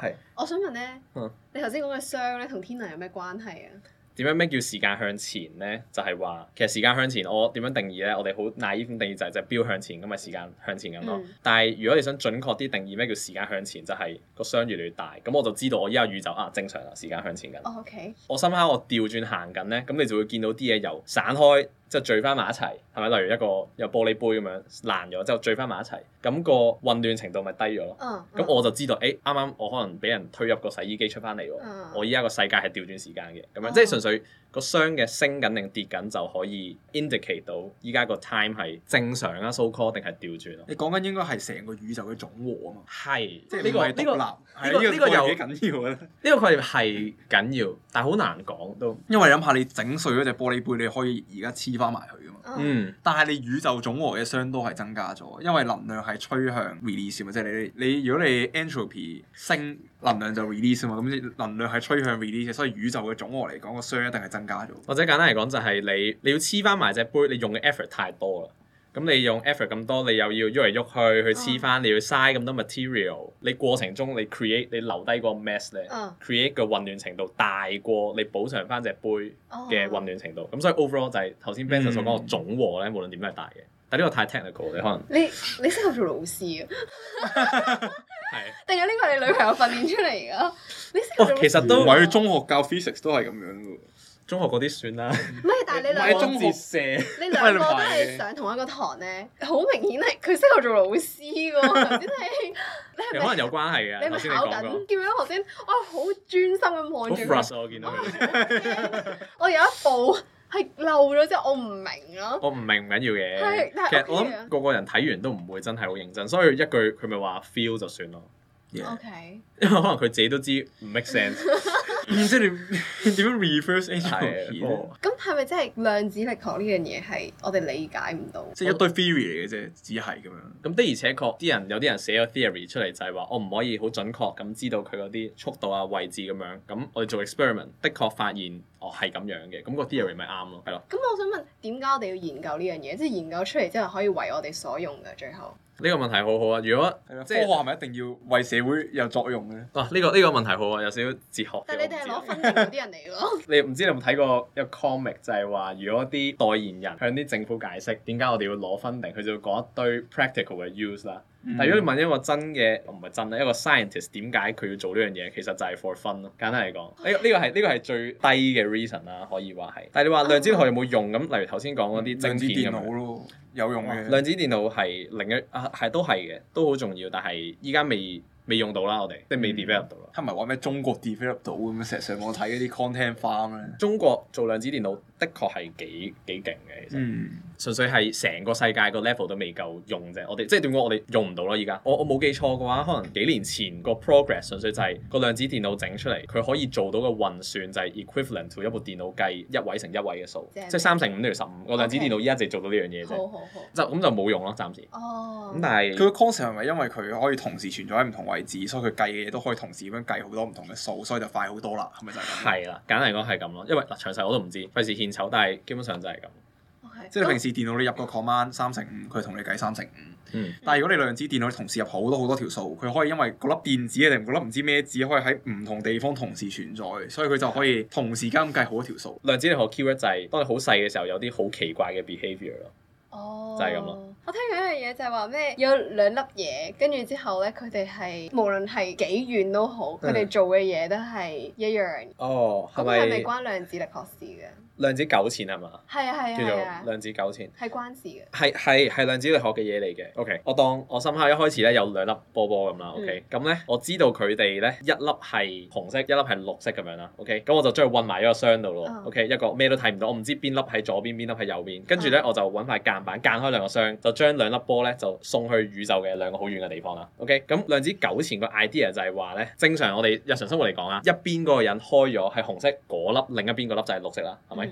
係。我想問咧，嗯、你頭先講嘅傷咧，同天能有咩關係啊？點樣咩叫時間向前咧？就係、是、話其實時間向前，我點樣定義咧？我哋好 naive 定義就係、是、就標向前咁咪時間向前咁咯。嗯、但係如果你想準確啲定義咩叫時間向前，就係個熵越嚟越大，咁我就知道我依家宇宙啊正常啦，時間向前緊啦。哦 okay，我心諗我調轉行緊咧，咁你就會見到啲嘢由散開，就聚翻埋一齊，係咪？例如一個有玻璃杯咁樣爛咗，之後就聚翻埋一齊，咁個混亂程度咪低咗咯。咁、uh, uh, 我就知道，誒、欸，啱啱我可能俾人推入個洗衣機出翻嚟喎。Uh, uh, 我依家個世界係調轉時間嘅，咁樣 uh, uh, 即係純粹。個箱嘅升緊定跌緊就可以 indicate 到依家個 time 係正常啊，so call 定係調轉啊？你講緊應該係成個宇宙嘅總和啊！係是，即係呢、呢個係呢個又幾緊要啊！呢個佢係緊要， <laughs> 但係好難講都。因為諗下你整碎嗰隻玻璃杯，你可以而家黐翻埋佢啊嘛。嗯，oh. 但係你宇宙總和嘅箱都係增加咗，因為能量係趨向 release 嘛，即係你你，你，你，你，你如果你 entropy 升。能量就 release 啊嘛，咁啲能量係趨向 release，所以宇宙嘅總和嚟講個熵一定係增加咗。或者簡單嚟講就係、是、你你要黐翻埋隻杯，你用嘅 effort 太多啦。咁你用 effort 咁多，你又要喐嚟喐去去黐翻，哦、你要嘥咁多 material。你過程中你 create 你留低個 mass 咧、哦、create 嘅混亂程度大過你補償翻隻杯嘅混亂程度。咁、哦、所以 overall 就係頭先 Benjamin 所講個總和咧，嗯、無論點樣係大嘅。但呢個太 technical，你可能你你適合做老師啊。 <laughs> <laughs> <laughs> 定係呢個你女朋友訓練出嚟噶？你識做哦，其實都唔係，中學教 physics 都係咁樣噶。中學嗰啲算啦。唔係、嗯，但係你唔係你兩個都係上同一個堂咧，好明顯係佢識我做老師噶喎，真係。 <laughs> 你係咪你可能有關係嘅。你咪考緊，叫唔見？頭先，我好專心咁望住。我見到佢 <laughs> 。我有一部。係漏咗啫，我唔明咯、啊。我唔明唔緊要嘅，OK、其實我諗個個人睇完都唔會真係好認真，所以一句佢咪話 feel 就算咯。O K，因為可能佢自己都知唔 make sense，唔 <laughs> 知你點樣 reverse 回片。咁係咪真係量子力學呢樣嘢係我哋理解唔到？即係、 <noise> 就是、一堆 theory 嚟嘅啫，只係咁樣。咁的而且確，啲人有啲人寫咗 theory 出嚟就係話，我唔可以好準確咁知道佢嗰啲速度啊、位置咁樣。咁我哋做 experiment，的確發現哦係咁樣嘅。咁、個 theory 咪啱咯，係咯。咁我想問，問，點解我哋要研究呢樣嘢？即、就、係、是、研究出嚟之後可以為我哋所用㗎，最後。呢個問題好好啊！如果嗎科學係咪一定要為社會有作用咧？呢、啊呢個呢、呢個問題好啊，有少少哲學。但你哋係攞分定嗰啲 <laughs> 人嚟㗎？你唔知你有冇睇過一個 comic，就係話如果啲代言人向啲政府解釋點解我哋要攞分定，佢就會講一堆 practical 嘅 use 啦。但如果你問一個真嘅，唔係真嘅，一個 scientist 點解佢要做呢樣嘢，其實就係 for fun 咯。簡單嚟講，呢、呢個呢係、呢個、最低嘅 reason 啦，可以話係。但係你話量子力學有冇用咁？例如頭先講嗰啲晶片咁樣。有用嘅量子電腦係另一啊，係都係嘅，都好重要，但係依家未未用到啦，我哋即未 develop 到啦。係咪係話咩中國 develop 到咁樣？成日上網睇嗰啲 content farm 咧，中國做量子電腦。的確係幾幾勁嘅，其實、嗯、純粹係成個世界個 level 都未夠用啫。我哋即係點講，我哋用唔到咯。依家我我冇記錯嘅話，可能幾年前個 progress 純粹就係個量子電腦整出嚟，佢可以做到嘅運算就係 equivalent to 一部電腦計一位乘一位嘅數，係即係三乘五等於十五。個量子電腦依家就做到呢樣嘢啫，okay, 好好就咁就冇用咯，暫時。哦。咁但係佢嘅 concept 係咪因為佢可以同時存在喺唔同位置，所以佢計嘅嘢都可以同時咁樣計好多唔同嘅數，所以就快好多啦？係咪就係咁？係啦，簡單嚟講係咁咯，因為嗱詳細我都唔知，知，費事謙。丑，但係基本上就係咁。 <noise> 即係你平時電腦你入個 command 三成五，佢同你計三成五。但係如果你量子電腦，你同時入好多好多條數，佢可以因為嗰粒電子定嗰粒唔知咩字，可以喺唔同地方同時存在，所以佢就可以同時間咁計好多條數。 <noise> <noise> 量子力學 Q 一制，當你好細嘅時候，有啲好奇怪嘅 behavior 咯、oh,。哦。就係咁咯。我聽過一樣嘢就係話咩，有兩粒嘢，跟住之後咧，佢哋係無論係幾遠都好，佢哋 <noise> 做嘅嘢都係一樣。哦、oh, 到底。咁係咪關量子力學事嘅？量子糾纏係嘛？係啊係啊，啊叫做量子糾纏。係、啊、關事嘅。係係係量子力學嘅嘢嚟嘅。OK，我當我深刻一開始咧有兩粒波波咁啦。OK，咁咧、嗯嗯、我知道佢哋咧一粒係紅色，一粒係綠色咁樣啦。OK，咁、嗯、我就將佢混埋喺個箱度咯。OK，、嗯、一個咩都睇唔到，我唔知邊粒喺左邊，邊粒喺右邊。跟住咧我就揾塊間板間開兩個箱，就將兩粒波咧就送去宇宙嘅兩個好遠嘅地方啦。OK，咁量、嗯嗯嗯、子糾纏個 idea 就係話咧，正常我哋日常生活嚟講啦，一邊嗰個人開咗係紅色嗰粒，那個、另一邊嗰粒就係綠色啦，係咪？嗯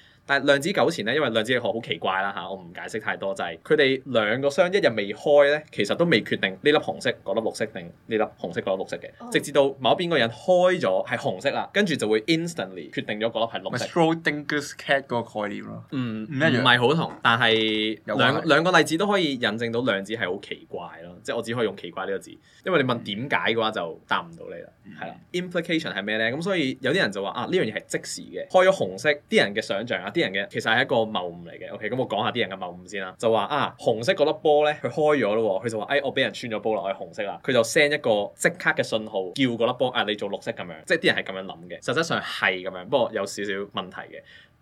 但係量子糾纏咧，因為量子力學好奇怪啦吓，我唔解釋太多，就係佢哋兩個箱一日未開咧，其實都未決定呢粒紅色嗰粒綠色定呢粒紅色嗰粒綠色嘅，oh. 直至到某一邊個人開咗係紅色啦，跟住就會 instantly 決定咗嗰粒係綠色。Schrodinger's cat 嗰個概念咯，嗯，唔一唔係好同，但係兩兩， <laughs> 兩個例子都可以印證到量子係好奇怪咯， <noise> 即係我只可以用奇怪呢個字，因為你問點解嘅話就答唔到你啦，係啦，implication 係咩咧？咁 <noise> 所以有啲人就話啊呢樣嘢係即時嘅，開咗紅色，啲人嘅想象啊～啲人嘅其實係一個謬誤嚟嘅，OK，咁我講下啲人嘅謬誤先啦。就話啊，紅色嗰粒波咧，佢開咗咯，佢就話：哎，我俾人穿咗波落去紅色啦，佢就 send 一個即刻嘅信號，叫嗰粒波啊，你做綠色咁樣。即係啲人係咁樣諗嘅，實際上係咁樣，不過有少少問題嘅。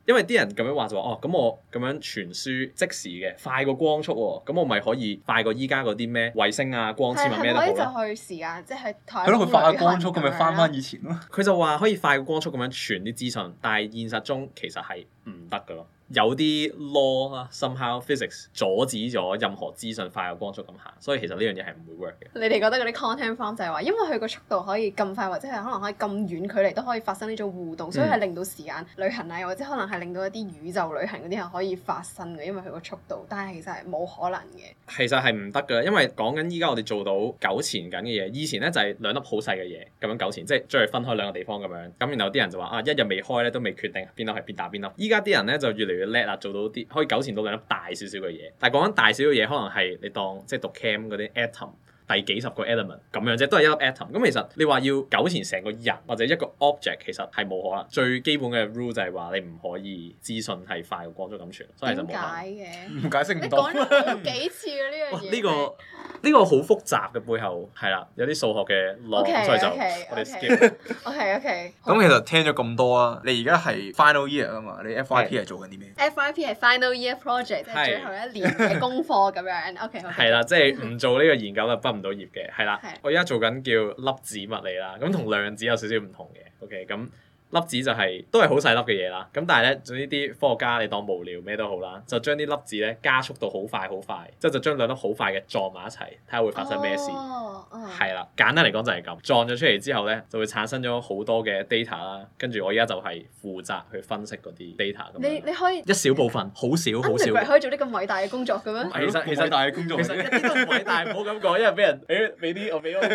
因為啲人咁樣話就話哦，咁我咁樣傳輸即時嘅快過光速喎，咁我咪可以快過依家嗰啲咩衛星啊、光纖啊咩都好咯？係咪的、啊、就去時間？即係睇係咯，佢快過光速，咁咪翻翻以前咯。佢就話可以快過光速咁樣傳啲資訊，但係現實中其實係唔得㗎咯。有啲 law 啦，somehow physics 阻止咗任何資訊快過光速咁行，所以其實呢樣嘢係唔會 work 嘅。你哋覺得嗰啲 content form 就係話因為佢個速度可以咁快，或者係可能可以咁遠距離都可以發生呢種互動，嗯、所以係令到時間旅行啊，或者可能係令到一啲宇宙旅行嗰啲係可以發生嘅，因為佢個速度。但係其實係冇可能嘅。其實係唔得㗎，因為講緊依家我哋做到糾纏緊嘅嘢。以前咧就係兩粒好細嘅嘢咁樣糾纏，即係將佢分開兩個地方咁樣，咁然後啲人就話啊，一日未開咧都未決定邊粒係邊打邊粒。依家啲人咧就越嚟叻啊！ <music> 做到啲可以糾纏到兩粒大少少嘅嘢，但係講緊大少少嘢，可能係你當即係讀 cam 嗰啲 atom。At 第幾十個 element 咁樣啫，都係一粒 atom。咁其實你話要糾纏成個人或者一個 object，其實係冇可能。最基本嘅 rule 就係話你唔可以資訊係快過光速咁傳，所以就冇可能。點解嘅？唔解釋唔到。講咗好幾次呢樣嘢。呢個呢個好複雜嘅背後係啦，有啲數學嘅 law 所以就我哋 skip。O K O K。咁其實聽咗咁多啊，你而家係 final year 啊嘛？你 F Y P 係做緊啲咩？F Y P 係 final year project，即係最後一年嘅功課咁樣。O K。係啦，即係唔做呢個研究就畢唔到業嘅，係啦。我依家做緊叫粒子物理啦，咁同量子有少少唔同嘅。OK， <noise> 咁樂。 <music> <music> <music> <music> 粒子就係都係好細粒嘅嘢啦，咁但係咧，總之啲科學家你當無聊咩都好啦，就將啲粒子咧加速到好快好快，即係就將兩粒好快嘅撞埋一齊，睇下會發生咩事？係啦，簡單嚟講就係咁，撞咗出嚟之後咧就會產生咗好多嘅 data 啦，跟住我而家就係負責去分析嗰啲 data。你你可以一小部分，好少好少，可以做啲咁偉大嘅工作嘅咩？其實其實大嘅工作，其實呢啲都唔偉大唔好咁講，因為俾人俾俾啲我俾啲學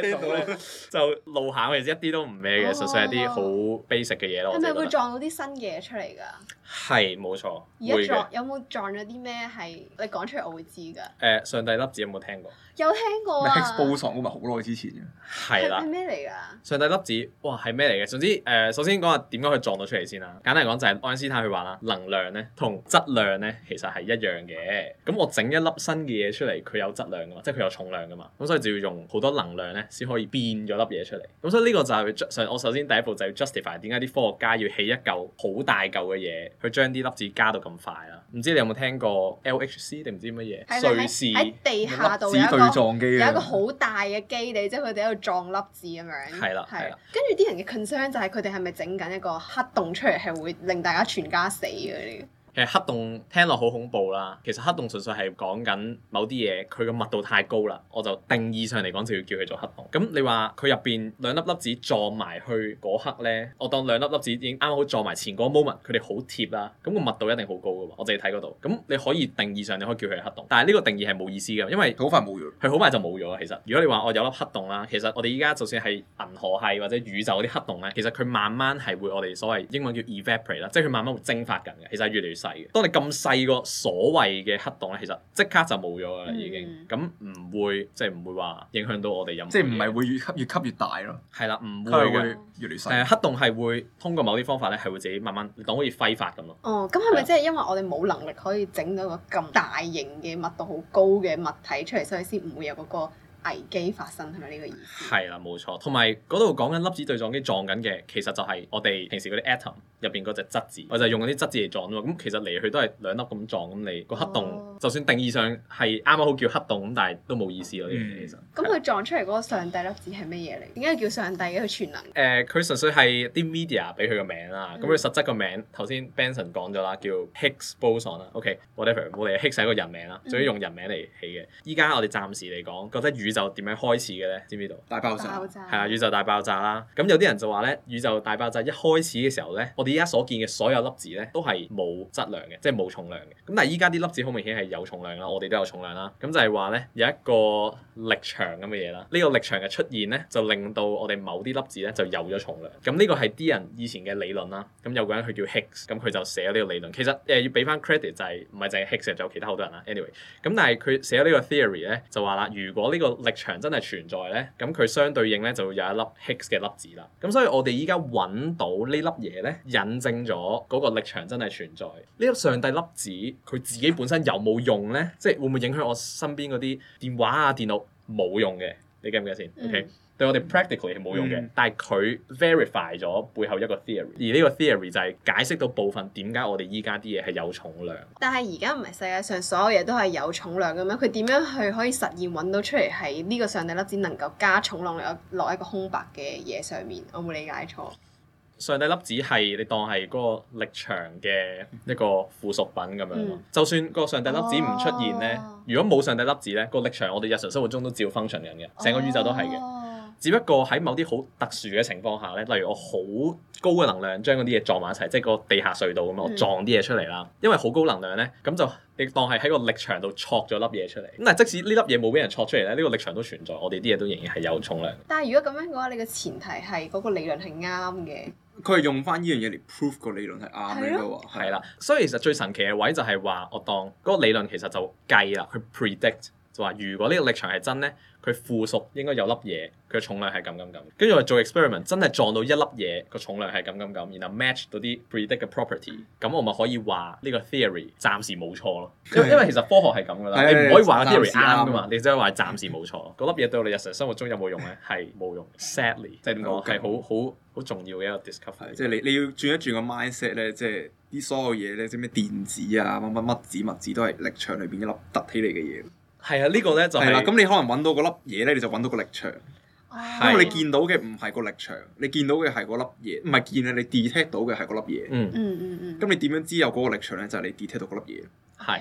生聽到咧就路行。其實一啲都唔咩嘅，純粹係啲好。好 basic 嘅嘢咯，係咪會撞到啲新嘅嘢出嚟㗎？係冇錯，撞會嘅的。有冇撞咗啲咩係你講出嚟，我會知㗎。誒、呃，上帝粒子有冇聽過？有聽過 Max 普朗克好耐之前嘅。係啦是。係咩嚟㗎？上帝粒子，哇，係咩嚟嘅？總之誒、呃，首先講下點解佢撞到出嚟先啦。簡單嚟講就係愛因斯坦佢話啦。能量咧同質量咧其實係一樣嘅。咁我整一粒新嘅嘢出嚟，佢有質量㗎嘛，即係佢有重量㗎嘛。咁所以就要用好多能量咧，先可以變咗粒嘢出嚟。咁所以呢個就係、是、j 我首先第一步就要 justify 點解啲科學家要起一嚿好大嚿嘅嘢。佢將啲粒子加到咁快啦，唔知你有冇聽過 LHC 定唔知乜嘢的，瑞士喺地下度有一個對撞機，有一個好大嘅基地，即係佢哋喺度撞粒子咁樣。係啦，係啦。的跟住啲人嘅 concern 就係佢哋係咪整緊一個黑洞出嚟，係會令大家全家死嗰啲。其實黑洞聽落好恐怖啦，其實黑洞純粹係講緊某啲嘢，佢嘅密度太高啦，我就定義上嚟講就要叫佢做黑洞。咁你話佢入邊兩粒粒子撞埋去嗰刻咧，我當兩粒粒子已經啱好撞埋前嗰個 moment，佢哋好貼啦，咁個密度一定好高噶嘛。我自己睇嗰度，咁你可以定義上你可以叫佢係黑洞，但係呢個定義係冇意思㗎，因為好快冇咗，佢好快就冇咗啦。其實如果你話我有粒黑洞啦，其實我哋依家就算係銀河系或者宇宙嗰啲黑洞咧，其實佢慢慢係會我哋所謂英文叫 evaporate 啦，即係佢慢慢會蒸發緊嘅，其實係越嚟越。細當你咁細個所謂嘅黑洞咧，其實即刻就冇咗㗎啦，已經、嗯。咁唔會即係唔會話影響到我哋任何。即係唔係會越吸越吸越大咯？係啦，唔會嘅，越嚟越細。誒黑洞係會通過某啲方法咧，係會自己慢慢，你當好似揮發咁咯。哦，咁係咪即係因為我哋冇能力可以整到個咁大型嘅密度好高嘅物體出嚟，所以先唔會有嗰、那個？危機發生係咪呢個意思？係啦，冇錯。同埋嗰度講緊粒子對撞機撞緊嘅，其實就係我哋平時嗰啲 atom 入邊嗰隻質子，我就用嗰啲質子嚟撞啊嘛。咁其實嚟去都係兩粒咁撞咁，那你那個黑洞、哦、就算定義上係啱啱好叫黑洞咁，但係都冇意思咯。呢樣、嗯、其實咁佢、嗯、撞出嚟嗰個上帝粒子係咩嘢嚟？點解叫上帝嘅佢全能？誒、呃，佢純粹係啲 media 俾佢個名啦。咁佢、嗯、實質個名頭先 Benson 講咗啦，叫 Higgs Boson 啦。OK，whatever，我哋係 Higgs 係一個人名啦，所以用人名嚟起嘅。依家、嗯、我哋暫時嚟講，覺得與就點樣開始嘅咧？知唔知道？大爆炸，係啊，宇宙大爆炸啦。咁有啲人就話咧，宇宙大爆炸一開始嘅時候咧，我哋依家所見嘅所有粒子咧，都係冇質量嘅，即係冇重量嘅。咁但係依家啲粒子好明顯係有重量啦，我哋都有重量啦。咁就係話咧，有一個力場咁嘅嘢啦。呢個力場嘅出現咧，就令到我哋某啲粒子咧就有咗重量。咁呢個係啲人以前嘅理論啦。咁有個人佢叫 Higgs，咁佢就寫呢個理論。其實誒、呃、要俾翻 credit 就係唔係淨係 Higgs，就其他好多人啦。Anyway，咁但係佢寫咗呢個 theory 咧就話啦，如果呢個力場真係存在咧，咁佢相對應咧就會有一粒 Higgs 嘅粒子啦。咁所以我哋依家揾到粒呢粒嘢咧，引證咗嗰個力場真係存在。呢粒上帝粒子佢自己本身有冇用咧？即係會唔會影響我身邊嗰啲電話啊、電腦冇用嘅？你記唔記得先？OK。對我哋 practically 係冇用嘅，嗯、但係佢 verify 咗背後一個 theory，而呢個 theory 就係解釋到部分點解我哋依家啲嘢係有重量。但係而家唔係世界上所有嘢都係有重量嘅咩？佢點樣去可以實現揾到出嚟係呢個上帝粒子能夠加重量落落喺個空白嘅嘢上面？我冇理解錯。上帝粒子係你當係嗰個力場嘅一個附屬品咁樣咯。嗯、就算個上帝粒子唔出現呢，哦、如果冇上帝粒子呢，個力場我哋日常生活中都照 function 緊嘅，成個宇宙都係嘅。哦只不過喺某啲好特殊嘅情況下咧，例如我好高嘅能量將嗰啲嘢撞埋一齊，即係個地下隧道咁樣，我撞啲嘢出嚟啦，因為好高能量咧，咁就你當係喺個力場度戳咗粒嘢出嚟。咁啊，即使呢粒嘢冇俾人戳出嚟咧，呢個力場都存在，我哋啲嘢都仍然係有重量。但係如果咁樣嘅話，你嘅前提係嗰個理論係啱嘅。佢係用翻呢樣嘢嚟 prove 個理論係啱嘅喎。係啦，所以其實最神奇嘅位就係話，我當嗰個理論其實就計啦，去 predict 就話，如果呢個力場係真咧，佢附屬應該有粒嘢。個重量係咁咁咁，跟住我做 experiment，真係撞到一粒嘢，個重量係咁咁咁，然後 match 到啲 predict 嘅 property，咁我咪可以話呢個 theory 暫時冇錯咯。因的因為其實科學係咁噶啦，的你唔可以話個 theory 啱噶嘛，的你只係話暫時冇錯咯。嗰 <laughs> 粒嘢對我哋日常生活中有冇用咧？係冇 <laughs> 用。Sadly，即係點講，係好好好重要嘅一個 discovery，就是。即係你你要轉一轉個 mindset 咧，即係啲所有嘢咧，即咩電子啊、乜乜乜子乜子都係力場裏邊一粒突起嚟嘅嘢。係啊，呢、這個咧就係、是、啦。咁你可能揾到嗰粒嘢咧，你就揾到個力場。因為你見到嘅唔係個力場，你見到嘅係嗰粒嘢，唔係見啊，你 detect 到嘅係嗰粒嘢。嗯嗯嗯嗯。咁你點樣知有嗰個力場咧？就係、是、你 detect 到嗰粒嘢。係，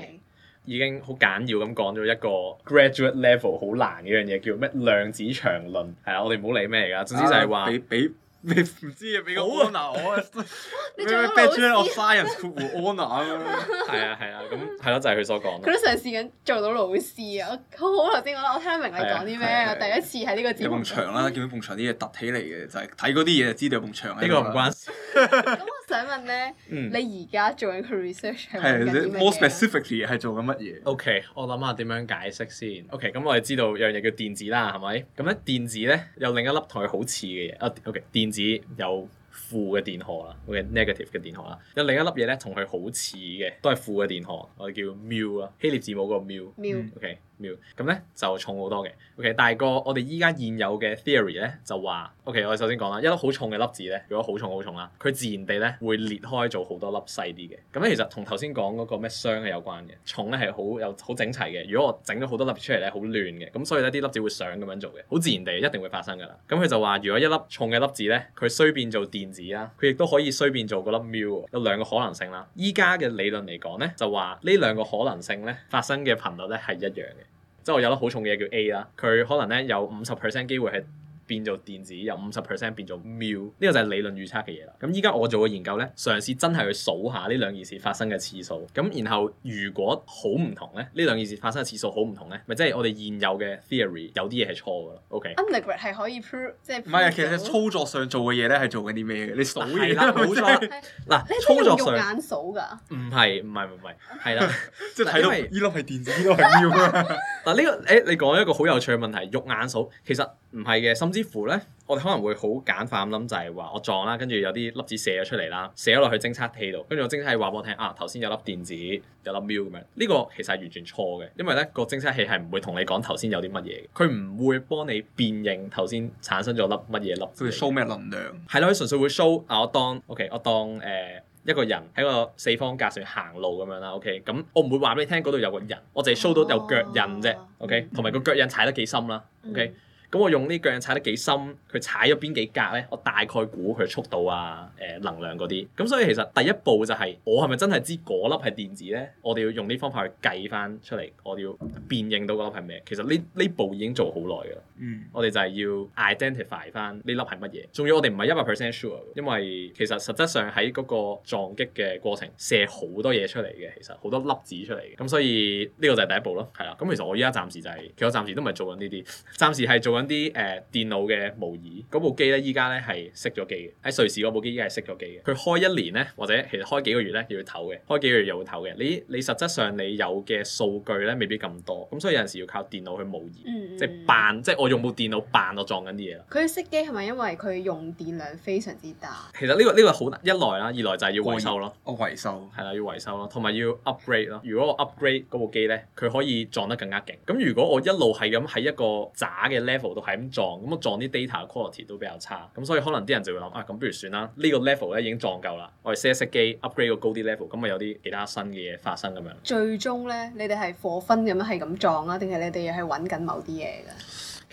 已經好簡要咁講咗一個 graduate level 好難嘅一樣嘢，叫咩量子場論。係啊，我哋唔好理咩嚟噶，的總之就係話俾俾。你唔知嘅俾個 owner，你仲要 bet 出嚟我 fire 佢 owner 啊？係啊係啊，咁係咯，就係佢所講。佢都嘗試緊做到老師啊！好好，頭先我我聽得明你講啲咩，第一次喺呢個節目。有埲牆啦，見到埲牆啲嘢凸起嚟嘅，就係睇嗰啲嘢就知道埲牆係一個關。咁 <laughs> 我想問咧，嗯、你而家做緊個 research 係，more specifically 係做緊乜嘢？OK，我諗下點樣解釋先。OK，咁我哋知道有樣嘢叫電子啦，係咪？咁咧電子咧有另一粒同佢好似嘅嘢。OK，電子有負嘅電荷啦 o、OK, negative 嘅電荷啦。有另一粒嘢咧同佢好似嘅，都係負嘅電荷，我哋叫 mu 啦，希臘字母個 mu。咁咧就重好多嘅。O K，大個我哋依家現有嘅 theory 咧就話，O K，我哋首先講啦，一粒好重嘅粒子咧，如果好重好重啦，佢自然地咧會裂開做好多粒細啲嘅。咁、嗯、咧其實同頭先講嗰個咩箱係有關嘅。重咧係好有好整齊嘅，如果我整咗好多粒出嚟咧好亂嘅，咁所以咧啲粒子會想咁樣做嘅，好自然地一定會發生噶啦。咁、嗯、佢就話如果一粒重嘅粒子咧，佢衰變做電子啦，佢亦都可以衰變做嗰粒繆，有兩個可能性啦。依家嘅理論嚟講咧，就話呢兩個可能性咧發生嘅頻率咧係一樣嘅。即我有粒好重嘅嘢叫 A 啦，佢可能咧有五十 percent 機會係。變做電子，有五十 percent 變做繆。呢個就係理論預測嘅嘢啦。咁依家我做嘅研究咧，嘗試真係去數下呢兩件事發生嘅次數。咁然後如果好唔同咧，呢兩件事發生嘅次數好唔同咧，咪即係我哋現有嘅 theory 有啲嘢係錯噶啦。OK，係、er、可以 prove 即係唔係啊？其實操作上做嘅嘢咧，係做緊啲咩嘅？你數完啦，冇錯。嗱，操作上眼數噶？唔係，唔係，唔係，係啦，即係睇到呢粒係電子，呢粒係繆。嗱呢個、 <laughs> 這個誒、欸，你講一個好有趣嘅問題，肉眼數其實唔係嘅，甚至。似乎咧，我哋可能會好簡化咁諗，就係、是、話我撞啦，跟住有啲粒子射咗出嚟啦，射咗落去偵測器度，跟住我偵測器話俾我聽啊，頭先有粒電子，有粒 mu 咁樣。呢、這個其實係完全錯嘅，因為咧、這個偵測器係唔會同你講頭先有啲乜嘢，佢唔會幫你辨認頭先產生咗粒乜嘢粒。show 咩能量？係咯，佢純粹會 show 啊，我當 OK，我當誒、呃、一個人喺個四方格上行路咁樣啦。OK，咁我唔會話俾你聽嗰度有個人，我淨係 show 到有腳印啫。OK，同埋、哦哦、個腳印踩得幾深啦。OK、嗯。嗯咁我用呢腳踩得幾深，佢踩咗邊幾格咧？我大概估佢速度啊，誒、呃、能量嗰啲。咁所以其實第一步就係、是、我係咪真係知嗰粒係電子咧？我哋要用呢方法去計翻出嚟，我哋要辨認到嗰粒係咩？其實呢呢步已經做好耐㗎啦。嗯、我哋就係要 identify 翻呢粒係乜嘢。仲要我哋唔係一百 percent sure，因為其實實質上喺嗰個撞擊嘅過程射好多嘢出嚟嘅，其實好多粒子出嚟嘅。咁所以呢個就係第一步咯，係啦。咁其實我依家暫時就係、是，其實我暫時都唔係做緊呢啲，暫時係做緊。啲誒、嗯、電腦嘅模擬，嗰部機咧依家咧係熄咗機嘅，喺瑞士嗰部機已經係熄咗機嘅。佢開一年咧，或者其實開幾個月咧，要唞嘅，開幾個月又要唞嘅。你你實質上你有嘅數據咧，未必咁多，咁所以有陣時要靠電腦去模擬，嗯、即係扮，即係我用部電腦扮我撞緊啲嘢。佢熄機係咪因為佢用電量非常之大？其實呢、呢個呢、呢個好一來啦，二來就係要維修咯。哦，我維修係啦，要維修咯，同埋要 upgrade 咯。如果我 upgrade 嗰部機咧，佢可以撞得更加勁。咁如果我一路係咁喺一個渣嘅 level，都係咁撞，咁我撞啲 data quality 都比較差，咁所以可能啲人就會諗啊，咁不如算啦，呢個 level 咧已經撞夠啦，我哋 set 機 upgrade 個高啲 level，咁啊有啲其他新嘅嘢發生咁樣。最終咧，你哋係火分咁樣，係咁撞啊，定係你哋又係揾緊某啲嘢噶？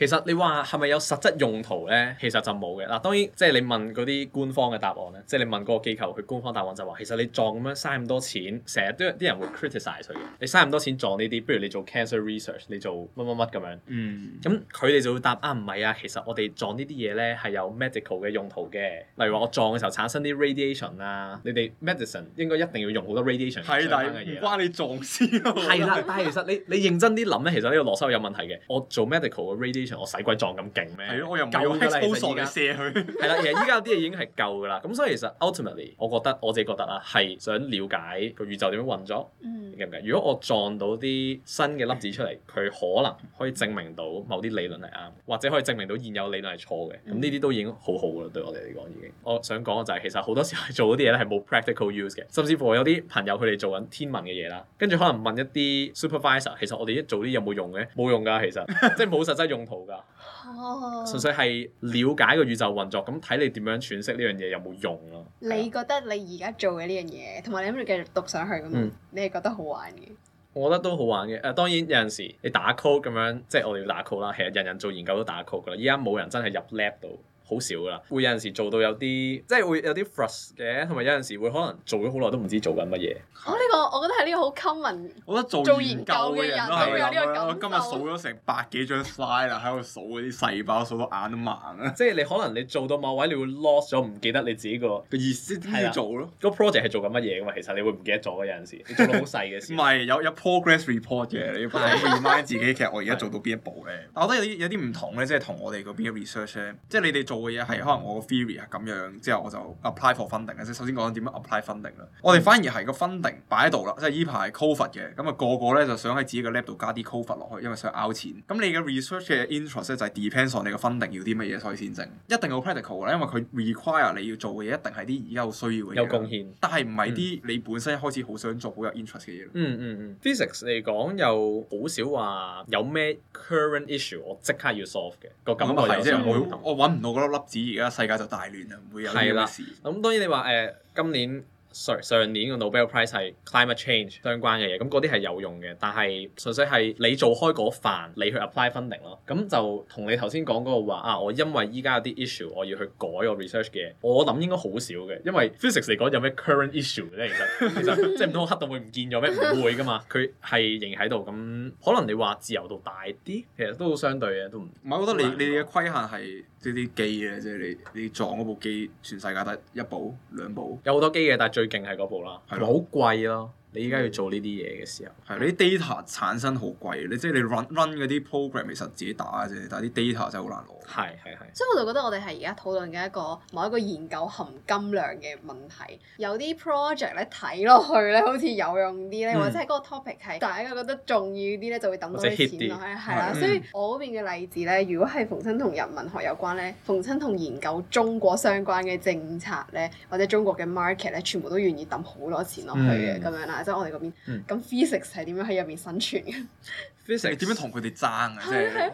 其實你話係咪有實質用途咧？其實就冇嘅嗱。當然即係你問嗰啲官方嘅答案咧，即係你問嗰個機構佢官方答案就話，其實你撞咁樣嘥咁多錢，成日都有啲人會 criticise 佢嘅。你嘥咁多錢撞呢啲，不如你做 cancer research，你做乜乜乜咁樣。嗯。咁佢哋就會答啊，唔係啊，其實我哋撞呢啲嘢咧係有 medical 嘅用途嘅。例如話我撞嘅時候產生啲 radiation 啊，你哋 medicine 應該一定要用好多 radiation 產生嘅嘢。關你撞先咯。係啦，但係其實你你認真啲諗咧，其實呢個邏輯有問題嘅。我做 medical 嘅 radiation。我使鬼撞咁勁咩？係咯，我又唔夠 hit power 射佢。係啦，其實依家有啲嘢已經係夠噶啦。咁所以其實 ultimately，我覺得我自己覺得啊，係想了解個宇宙點樣運作，明唔明？如果我撞到啲新嘅粒子出嚟，佢可能可以證明到某啲理論係啱，或者可以證明到現有理論係錯嘅。咁呢啲都已經好好噶啦，對我哋嚟講已經。我想講嘅就係其實好多時候做嗰啲嘢咧係冇 practical use 嘅。甚至乎有啲朋友佢哋做緊天文嘅嘢啦，跟住可能問一啲 supervisor，其實我哋一做啲有冇用嘅？冇用噶，其實即係冇實際用途。 <laughs> 好、哦、純粹係了解個宇宙運作，咁睇你點樣詮釋呢樣嘢有冇用咯？你覺得你而家做嘅呢樣嘢，同埋你諗住繼續讀上去咁，嗯、你係覺得好玩嘅？我覺得都好玩嘅。誒，當然有陣時你打 code 咁樣，即係我哋要打 code 啦。其實人人做研究都打 code 噶啦。依家冇人真係入 lab 度。好少啦，會有陣時做到有啲即係會有啲 frustr 嘅，同埋有陣時會可能做咗好耐都唔知做緊乜嘢。哦，呢、呢個我覺得係呢個好 common。我覺得做研究嘅人都係咁啦。嗯嗯、我今日數咗成百幾張 slide 啊，喺度 <laughs> 數嗰啲細胞，數到眼都盲啊！即係你可能你做到某位，你會 lost 咗，唔記得你自己個個 <laughs> 意思點做咯？個 project 係做緊乜嘢噶嘛？其實你會唔記得咗嘅有陣時，你做咗好細嘅事。唔係 <laughs> 有有 progress report 嘅，你要 remind <laughs> 自己其實我而家做到邊一步咧。 <laughs> 但我覺得有啲有啲唔同咧，即係同我哋嗰邊嘅 research 咧，即係你哋做。嘅嘢係可能我個 theory 啊，咁樣之後我就 apply for funding，即係首先講緊點樣 apply funding 啦、嗯。我哋反而係個 funding 擺喺度啦，即係依排 COVID 嘅咁啊，個個咧就想喺自己嘅 lab 度加啲 COVID 落去，因為想掗錢。咁你嘅 research 嘅 interest 咧就係 depends on 你個 funding 要啲乜嘢所以先整，一定係 practical 嘅，因為佢 require 你要做嘅嘢一定係啲而家好需要嘅嘢，有貢獻，但係唔係啲你本身一開始好想做好有 interest 嘅嘢、嗯。嗯嗯嗯，physics 嚟講又好少話有咩 current issue 我即刻要 solve 嘅個咁嘅嘢，即係我揾唔到咯。粒子而家世界就大亂啦，唔會有呢啲事。咁當然，你話誒，呃，今年。上上年個 Nobel Prize 係 climate change 相關嘅嘢，咁嗰啲係有用嘅，但係純粹係你做開嗰範，你去 apply funding 咯。咁就同你頭先講嗰個話啊，我因為依家有啲 issue，我要去改個 rese 我 research 嘅，我諗應該好少嘅，因為 physics 嚟講有咩 current issue 嘅咧？其實其實 <laughs> 即係唔通黑洞會唔見咗咩？唔會噶嘛，佢係仍然喺度。咁可能你話自由度大啲，其實都相對嘅都唔。唔係，我覺得你個你嘅規限係即係啲機嘅，即係你你撞部機全世界得一部兩部。有好多機嘅，但係最。最勁係嗰部啦，同埋好的貴咯、啊。你而家要做呢啲嘢嘅時候，係、嗯、你 data 產生好貴，你即係你 run run 嗰啲 program 其實自己打啫，但係啲 data 真係好難攞。係係係。所以我就覺得我哋係而家討論緊一個某一個研究含金量嘅問題，有啲 project 咧睇落去咧好似有用啲咧，嗯、或者嗰個 topic 係大家覺得重要啲咧，就會抌多啲錢落去，係啦。了是所以我嗰邊嘅例子咧，如果係逢親同人文學有關咧，逢親同研究中國相關嘅政策咧，或者中國嘅 market 咧，全部都願意抌好多錢落去嘅咁、嗯、樣啦。即我哋嗰邊，咁、嗯、physics 係點樣喺入面生存嘅？physics 點樣同佢哋爭啊？即係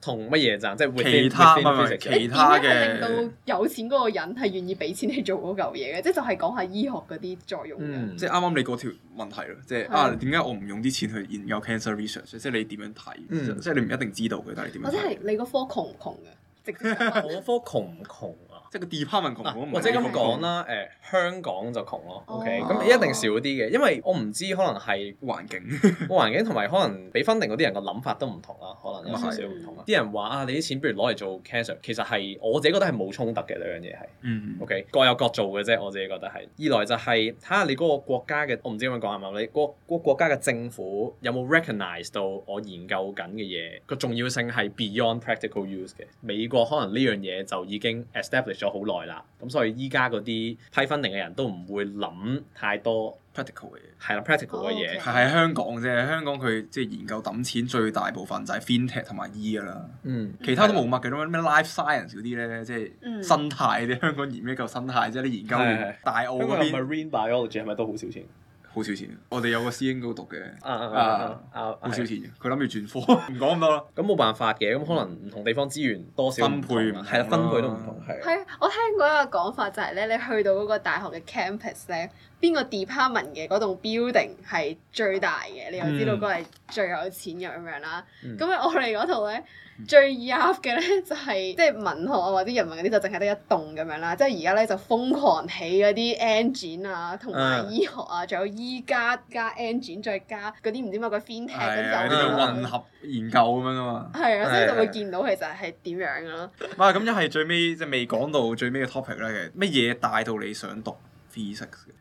同乜嘢爭？即、就、係、是、其他唔係 ph 其他嘅。令到有錢嗰個人係願意俾錢去做嗰嚿嘢嘅，即係就係、是、講下醫學嗰啲作用、嗯。即係啱啱你嗰條問題咯。即係是啊，點解我唔用啲錢去研究 cancer research？即係你點樣睇？嗯、即係你唔一定知道佢，但係點樣？或者係你嗰科窮唔窮嘅？ <laughs> 直頭我科窮唔窮？ <laughs> 即係個 department 窮唔窮？啊、或者咁講啦，誒、uh, 香港就窮咯，OK，咁、oh, 一定少啲嘅，uh, 因為我唔知可能係環境，個環境同埋可能俾 u 定嗰啲人個諗法都唔同啦，可能有少少唔同啦。啲、嗯、人話啊，你啲錢不如攞嚟做 cancer，其實係我自己覺得係冇衝突嘅兩樣嘢係，OK，各有各做嘅啫。我自己覺得係、uh huh. okay? 二來就係睇下你嗰個國家嘅，我唔知點樣講啊嘛，你國、那個那個國家嘅政府有冇 r e c o g n i z e 到我研究緊嘅嘢個重要性係 beyond practical use 嘅？美國可能呢樣嘢就已經 establish。咗好耐啦，咁所以依家嗰啲批分嚟嘅人都唔會諗太多 practical 嘅嘢，係啦，practical 嘅嘢係喺香港啫，香港佢即係研究揼錢最大部分就係 fintech 同埋 e 噶啦，嗯 <noise> <noise> <noise> 其他都冇乜嘅，咁咩 life science 少啲咧，即係生態啲香港研究生態啫，你研究大澳嗰邊 <noise> marine biology 係咪都好少錢？好少錢，我哋有個師兄都度讀嘅，好少、uh, uh, uh, 錢佢諗住轉科，唔講咁多啦。咁冇辦法嘅，咁可能唔同地方資源多少分配，係啦，分配都唔同係。係，我聽過一個講法就係、係、咧，你去到嗰個大學嘅 campus 咧，邊個 department 嘅嗰度 building 係最大嘅，你就知道嗰係最有錢嘅咁樣啦。咁啊、嗯，我哋嗰度咧。最入嘅咧就係、是、即係文學啊，或者人文嗰啲就淨係得一棟咁樣啦。即係而家咧就瘋狂起嗰啲 engine 啊，同埋醫學啊，仲有依、e、家加 engine 再加嗰啲唔知乜鬼 fintech，跟住就混合研究咁樣啊嘛。係啊，所以就會見到其實係點樣咯、啊啊。哇！咁一係最尾即係未講到最尾嘅 topic 咧，其實咩嘢大到你想讀？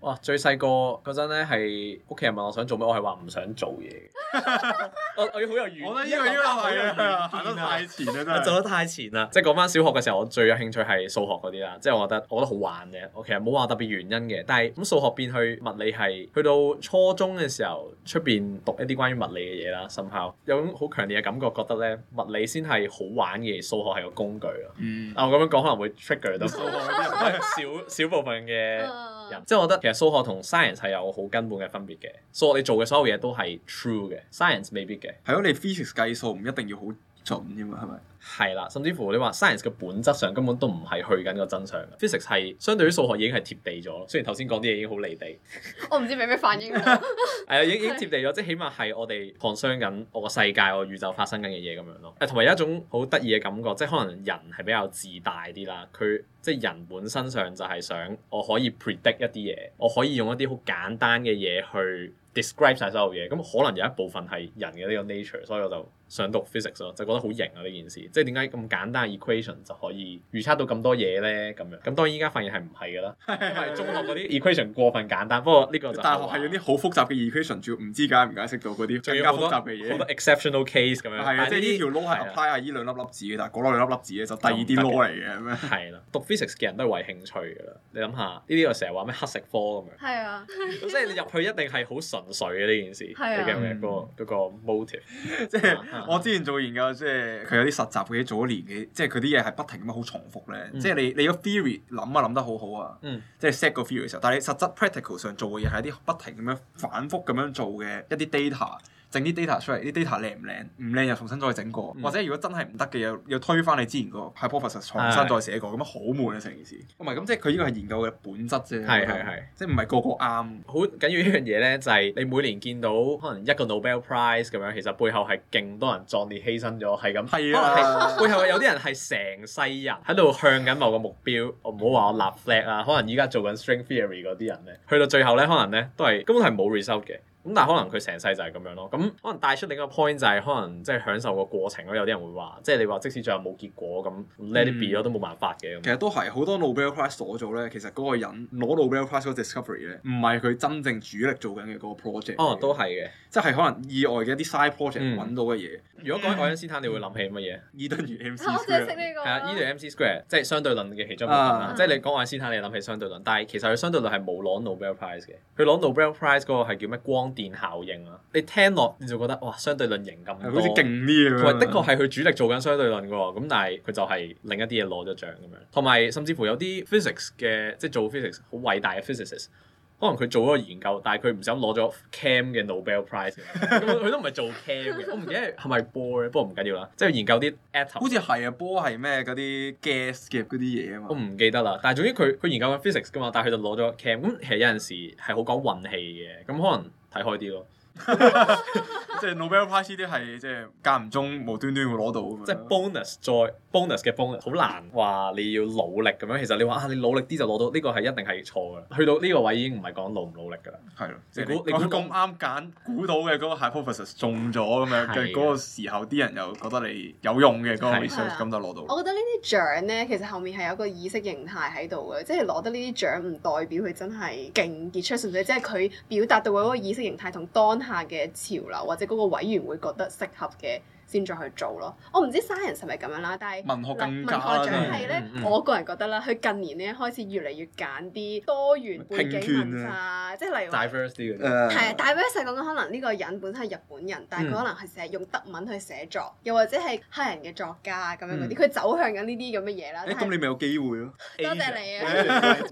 哇！最細個嗰陣咧，係屋企人問我想做咩，我係話唔想做嘢。 <laughs> 我我好有遠，我覺得呢個呢個啊，行得太前啊， <laughs> 做得太前啦。即係講返小學嘅時候，我最有興趣係數學嗰啲啦。即係我覺得我覺得好玩嘅。我其實冇話特別原因嘅，但係咁數學變去物理係去到初中嘅時候，出邊讀一啲關於物理嘅嘢啦，甚至有種好強烈嘅感覺，覺得咧物理先係好玩嘅，數學係個工具咯。嗯，我咁樣講可能會 trigger 到小學 <laughs> 小，小部分嘅。 <laughs> 即係我覺得其實數學同 science 係有好根本嘅分別嘅。數學你做嘅所有嘢都係 true 嘅，science 未必嘅。係咯，你 physics 計數唔一定要好。做啫嘛，係咪？係啦，甚至乎你話 science 嘅本質上根本都唔係去緊個真相。physics 係相對於數學已經係貼地咗，雖然頭先講啲嘢已經好離地。 <laughs> 我唔知俾咩反應。係啊， <laughs> <laughs> 已經是已經貼地咗，即係起碼係我哋關心緊我個世界、我宇宙發生緊嘅嘢咁樣咯。誒，同埋有一種好得意嘅感覺，即係可能人係比較自大啲啦。佢即係人本身上就係想我可以 predict 一啲嘢，我可以用一啲好簡單嘅嘢去 describe 晒所有嘢。咁可能有一部分係人嘅呢個 nature，所以我就。想讀 physics 咯，就覺得好型啊！呢件事，即係點解咁簡單嘅 equation 就可以預測到咁多嘢咧？咁樣，咁當然依家發現係唔係噶啦？因為中學嗰啲 equation 過分簡單，不過呢個就大學係用啲好複雜嘅 equation，仲唔知解唔解釋到嗰啲更加複雜嘅嘢，好多 exceptional case 咁樣。係啊，即係呢條 law 係 apply 下呢兩粒粒子嘅，但係嗰兩粒粒子咧就第二啲 law 嚟嘅，係咪？係啦，讀 physics 嘅人都為興趣噶啦，你諗下，呢啲我成日話咩黑食科咁樣，係啊，咁即係你入去一定係好純粹嘅呢件事，你記唔記得嗰個 motive？即係。我之前做研究、就是做，即係佢有啲實習嘅，做咗年嘅，即係佢啲嘢係不停咁樣好重複咧。嗯、即係你你個 theory 諗啊諗得好好啊，嗯、即係 set 個 theory 嘅時候，但係你實質 practical 上做嘅嘢係一啲不停咁樣反覆咁樣做嘅一啲 data。整啲 data 出嚟，啲 data 靚唔靚？唔靚又重新再整過，嗯、或者如果真係唔得嘅，又又推翻你之前個 proposal 重新再寫過，咁樣好悶啊成件事。唔係，咁即係佢依個係研究嘅本質啫。係係係，即係唔係個個啱。好緊要一樣嘢咧，就係、是、你每年見到可能一個 Nobel Prize 咁樣，其實背後係勁多人壯烈犧牲咗，係咁。係是啊，背後有啲人係成世人喺度向緊某個目標。我唔好話我立 flag 啊，可能依家做緊 string theory 嗰啲人咧，去到最後咧，可能咧都係根本係冇 result 嘅。咁但係可能佢成世就係咁樣咯，咁可能帶出你個 point 就係、是、可能即係享受個過程咯，有啲人會話，即係你話即使最後冇結果咁 let it be 咯、嗯、都冇辦法嘅。其實都係好多 Bill p r i 爾 e 攞咗咧，其實嗰個人攞 Bill 諾貝爾獎嗰個 discovery 咧，唔係佢真正主力做緊嘅嗰個 project。哦，都係嘅。即係可能意外嘅一啲 side project 揾、嗯、到嘅嘢。如果講愛因斯坦，你會諗起乜嘢？伊頓與 MC Square。我淨係識呢個。係啊，伊頓 MC Square 即係相對論嘅其中一部分啦。Uh，即係你講愛因斯坦，你諗起相對論。但係其實佢相對論係冇攞 Nobel prize 嘅。佢攞 Nobel prize 嗰個係叫咩？光電效應啊！你聽落你就覺得哇，相對論型咁，好似勁啲咁啊！佢的確係佢主力做緊相對論喎，咁但係佢就係另一啲嘢攞咗獎咁樣。同埋甚至乎有啲 physics 嘅，即係做 physics 好偉大嘅 physics。可能佢做咗研究，但係佢唔小心攞咗 Cam 嘅 Nobel Prize。佢都唔係做 Cam 嘅，我唔記得係咪 Bo 咧。不過唔緊要啦，即係研究啲 Atom 好似係啊，Bo 係咩嗰啲 gas 嘅嗰啲嘢啊嘛。我唔記得啦，但係總之佢佢研究緊 physics 㗎嘛，但係佢就攞咗 Cam。咁其實有陣時係好講運氣嘅，咁可能睇開啲咯。即係 Nobel Prize 呢啲係即係間唔中無端端會攞到啊嘛，即係 bonus joy。bonus 嘅 bonus 好難話你要努力咁樣，其實你話啊你努力啲就攞到呢、這個係一定係錯嘅，去到呢個位已經唔係講努唔努力嘅啦。係咯的，你估猜你咁啱揀估到嘅嗰個 h i p r o f e s 的 s o s 中咗咁樣，嘅住嗰個時候啲人又覺得你有用嘅嗰個 research，咁就攞到。我覺得呢啲獎咧，其實後面係有個意識形態喺度嘅，即係攞得呢啲獎唔代表佢真係勁傑出，甚至即係佢表達到嗰個意識形態同當下嘅潮流或者嗰個委員會覺得適合嘅。先再去做咯，我唔知生人係咪咁樣啦，但係文學更加咧。係咧，我個人覺得啦，佢近年咧開始越嚟越揀啲多元背景文化，即係例如，diversity 嗰啲，diversity 講緊可能呢個人本身係日本人，但係佢可能係寫用德文去寫作，又或者係黑人嘅作家咁樣嗰啲，佢走向緊呢啲咁嘅嘢啦。咁你咪有機會咯？多謝你啊！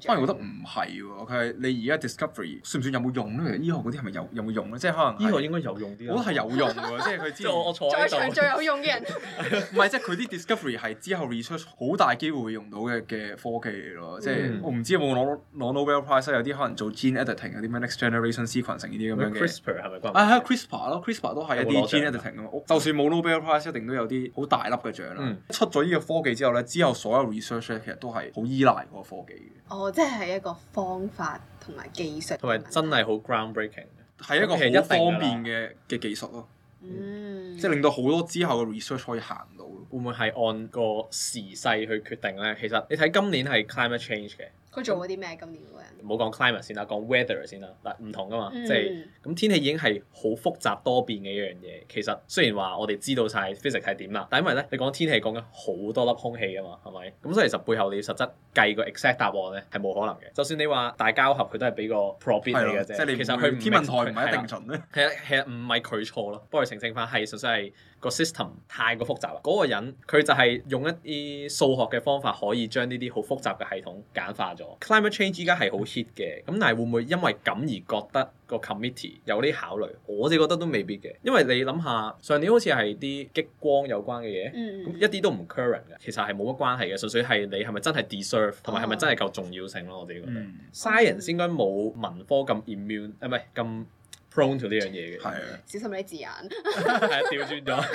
當然覺得唔係喎，佢係你而家 discovery 算唔算有冇用咧？其實醫學嗰啲係咪有有冇用咧？即係可能醫學應該有用啲。我覺得係有用喎，即係佢知道，我坐最有用嘅人， <laughs> 唔係即係佢啲 discovery 係之後 research 好大機會用到嘅嘅科技嚟咯。嗯、即係我唔知有冇攞攞 Nobel Prize，有啲可能做 gene editing，有啲咩 next generation C e 成呢啲咁樣嘅。嗯、CRISPR 係咪關？啊 CRISPR 咯，CRISPR CRIS 都係一啲 gene editing 啊，就算冇 Nobel Prize 一定都有啲好大粒嘅獎啦。嗯、出咗呢個科技之後咧，之後所有 research 咧其實都係好依賴個科技嘅。哦，即係係一個方法同埋技術，同埋真係好 groundbreaking，係一個好方便嘅嘅技術咯。嗯，即令到好多之後嘅 research 可以行到，會唔會係按個時勢去決定咧？其實你睇今年係 climate change 嘅。佢做咗啲咩今年嗰陣？冇講 climate 先啦，講 weather 先啦。嗱，唔同噶嘛，嗯、即係咁，天氣已經係好複雜多變嘅一樣嘢。其實雖然話我哋知道晒 physics 係點啦，但因為咧，你講天氣講緊好多粒空氣噶嘛，係咪？咁所以其實背後你要實質計個 exact 答案咧，係冇可能嘅。就算你話大交合，佢都係俾個 probit 你嘅啫。即係你其實佢天文台唔係一定準咧。係呀係呀，唔係佢錯咯，不過澄清翻係實質係。個 system 太過複雜啦，嗰、那個人佢就係用一啲數學嘅方法可以將呢啲好複雜嘅系統簡化咗。Climate change 依家係好 hit 嘅，咁但係會唔會因為咁而覺得個 committee 有啲考慮？我自己覺得都未必嘅，因為你諗下上年好似係啲激光有關嘅嘢，咁、嗯、一啲都唔 current 嘅，其實係冇乜關係嘅，純粹係你係咪真係 deserve 同埋係咪真係夠重要性咯？我自己覺得、嗯 okay.，Science 先應該冇文科咁 immune，誒唔係咁。prone to 呢樣嘢嘅，係啊， <laughs> 小心你字眼，係啊，調轉咗。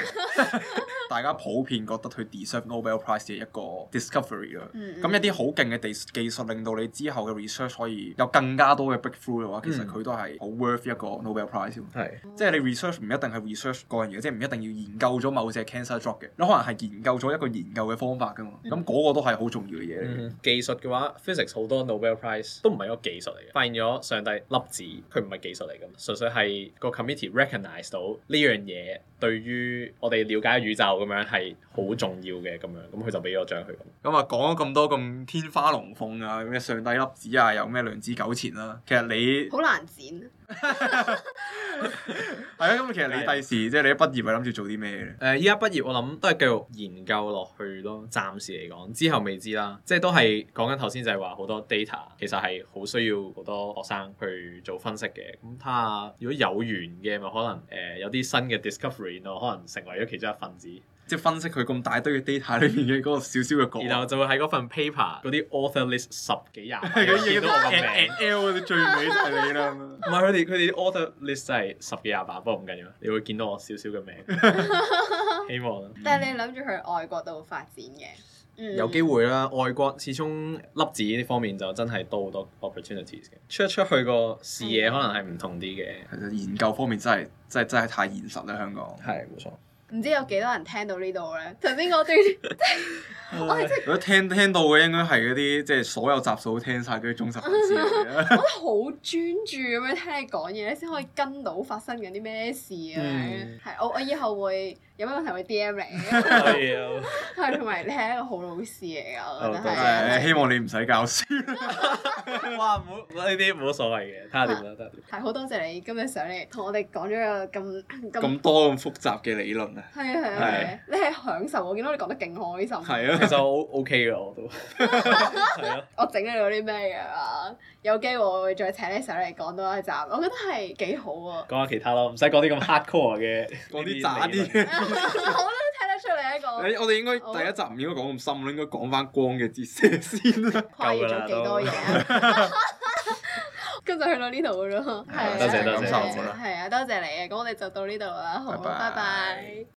大家普遍覺得佢 deserve Nobel Prize 嘅、嗯嗯、一個 discovery 咯。咁一啲好勁嘅技術，令到你之後嘅 research 可以有更加多嘅 breakthrough 嘅話，其實佢都係好 worth 一個 Nobel Prize 嘅。即係你 research 唔一定係 research 個人嘅，即係唔一定要研究咗某隻 cancer drug 嘅，有可能係研究咗一個研究嘅方法噶嘛。咁嗰、嗯、個都係好重要嘅嘢、嗯、技術嘅話，physics 好多 Nobel Prize 都唔係一個技術嚟嘅，發現咗上帝粒子，佢唔係技術嚟嘅。佢係個 committee recognize 到呢樣嘢對於我哋了解宇宙咁樣係好重要嘅咁樣，咁佢、嗯、就俾咗獎佢咁。咁啊講咗咁多咁天花龍鳳啊，咩上帝粒子啊，又咩量子糾纏啊，其實你好難剪、啊。係啊，咁 <laughs> <laughs> 其實你第時，即係你畢業咪諗住做啲咩咧？誒、呃，依家畢業我諗都係繼續研究落去咯，暫時嚟講，之後未知啦。即係都係講緊頭先，就係話好多 data 其實係好需要好多學生去做分析嘅。咁睇下如果有緣嘅咪可能誒、呃、有啲新嘅 discovery，我可能成為咗其中一份子。即係分析佢咁大堆嘅 data 裏面嘅嗰個小小嘅角然後就會喺嗰份 paper 嗰啲 author list 十幾廿，係咁見到我個名。最尾都係你啦，唔係佢哋佢哋 author list 真係十幾廿吧，不過唔緊要，你會見到我小小嘅名。 <laughs> 希望。嗯、但係你諗住去外國度發展嘅？嗯、有機會啦，外國始終粒子呢方面就真係多好多 opportunities 嘅。出一出去個視野可能係唔同啲嘅。嗯、 <laughs> 研究方面真係真係真係太現實啦，香港。係冇錯。唔知有幾多人聽到呢度咧？頭先嗰段，我覺得聽聽到嘅應該係嗰啲，即係所有集數都聽曬嗰啲忠實粉絲。我覺得好專注咁樣聽你講嘢，先可以跟到發生緊啲咩事啊！係，我我以後會有咩問題會 DM 你。係，同埋你係一個好老師嚟噶，真係。希望你唔使教書。哇！唔好，呢啲冇乜所謂嘅，得啦，得啦。係好多謝你今日上嚟同我哋講咗個咁咁多咁複雜嘅理論。係啊係啊，係啊。你係享受，我見到你講得勁開心。係啊，其實我 O O K 㗎，我都。我整咗啲咩啊？有機會我會再請你上嚟講多一集，我覺得係幾好啊。講下其他咯，唔使講啲咁 hard core 嘅。講啲渣啲。我覺得聽得出你一個。 <laughs> <laughs> 我哋應該第一集唔應該講咁深，應該講翻光嘅折射先。夠噶啦。 <laughs> 咁就去到呢度咯，係啊，感受唔到啦，係啊，多謝你嘅，咁我哋就到呢度啦，好，拜拜。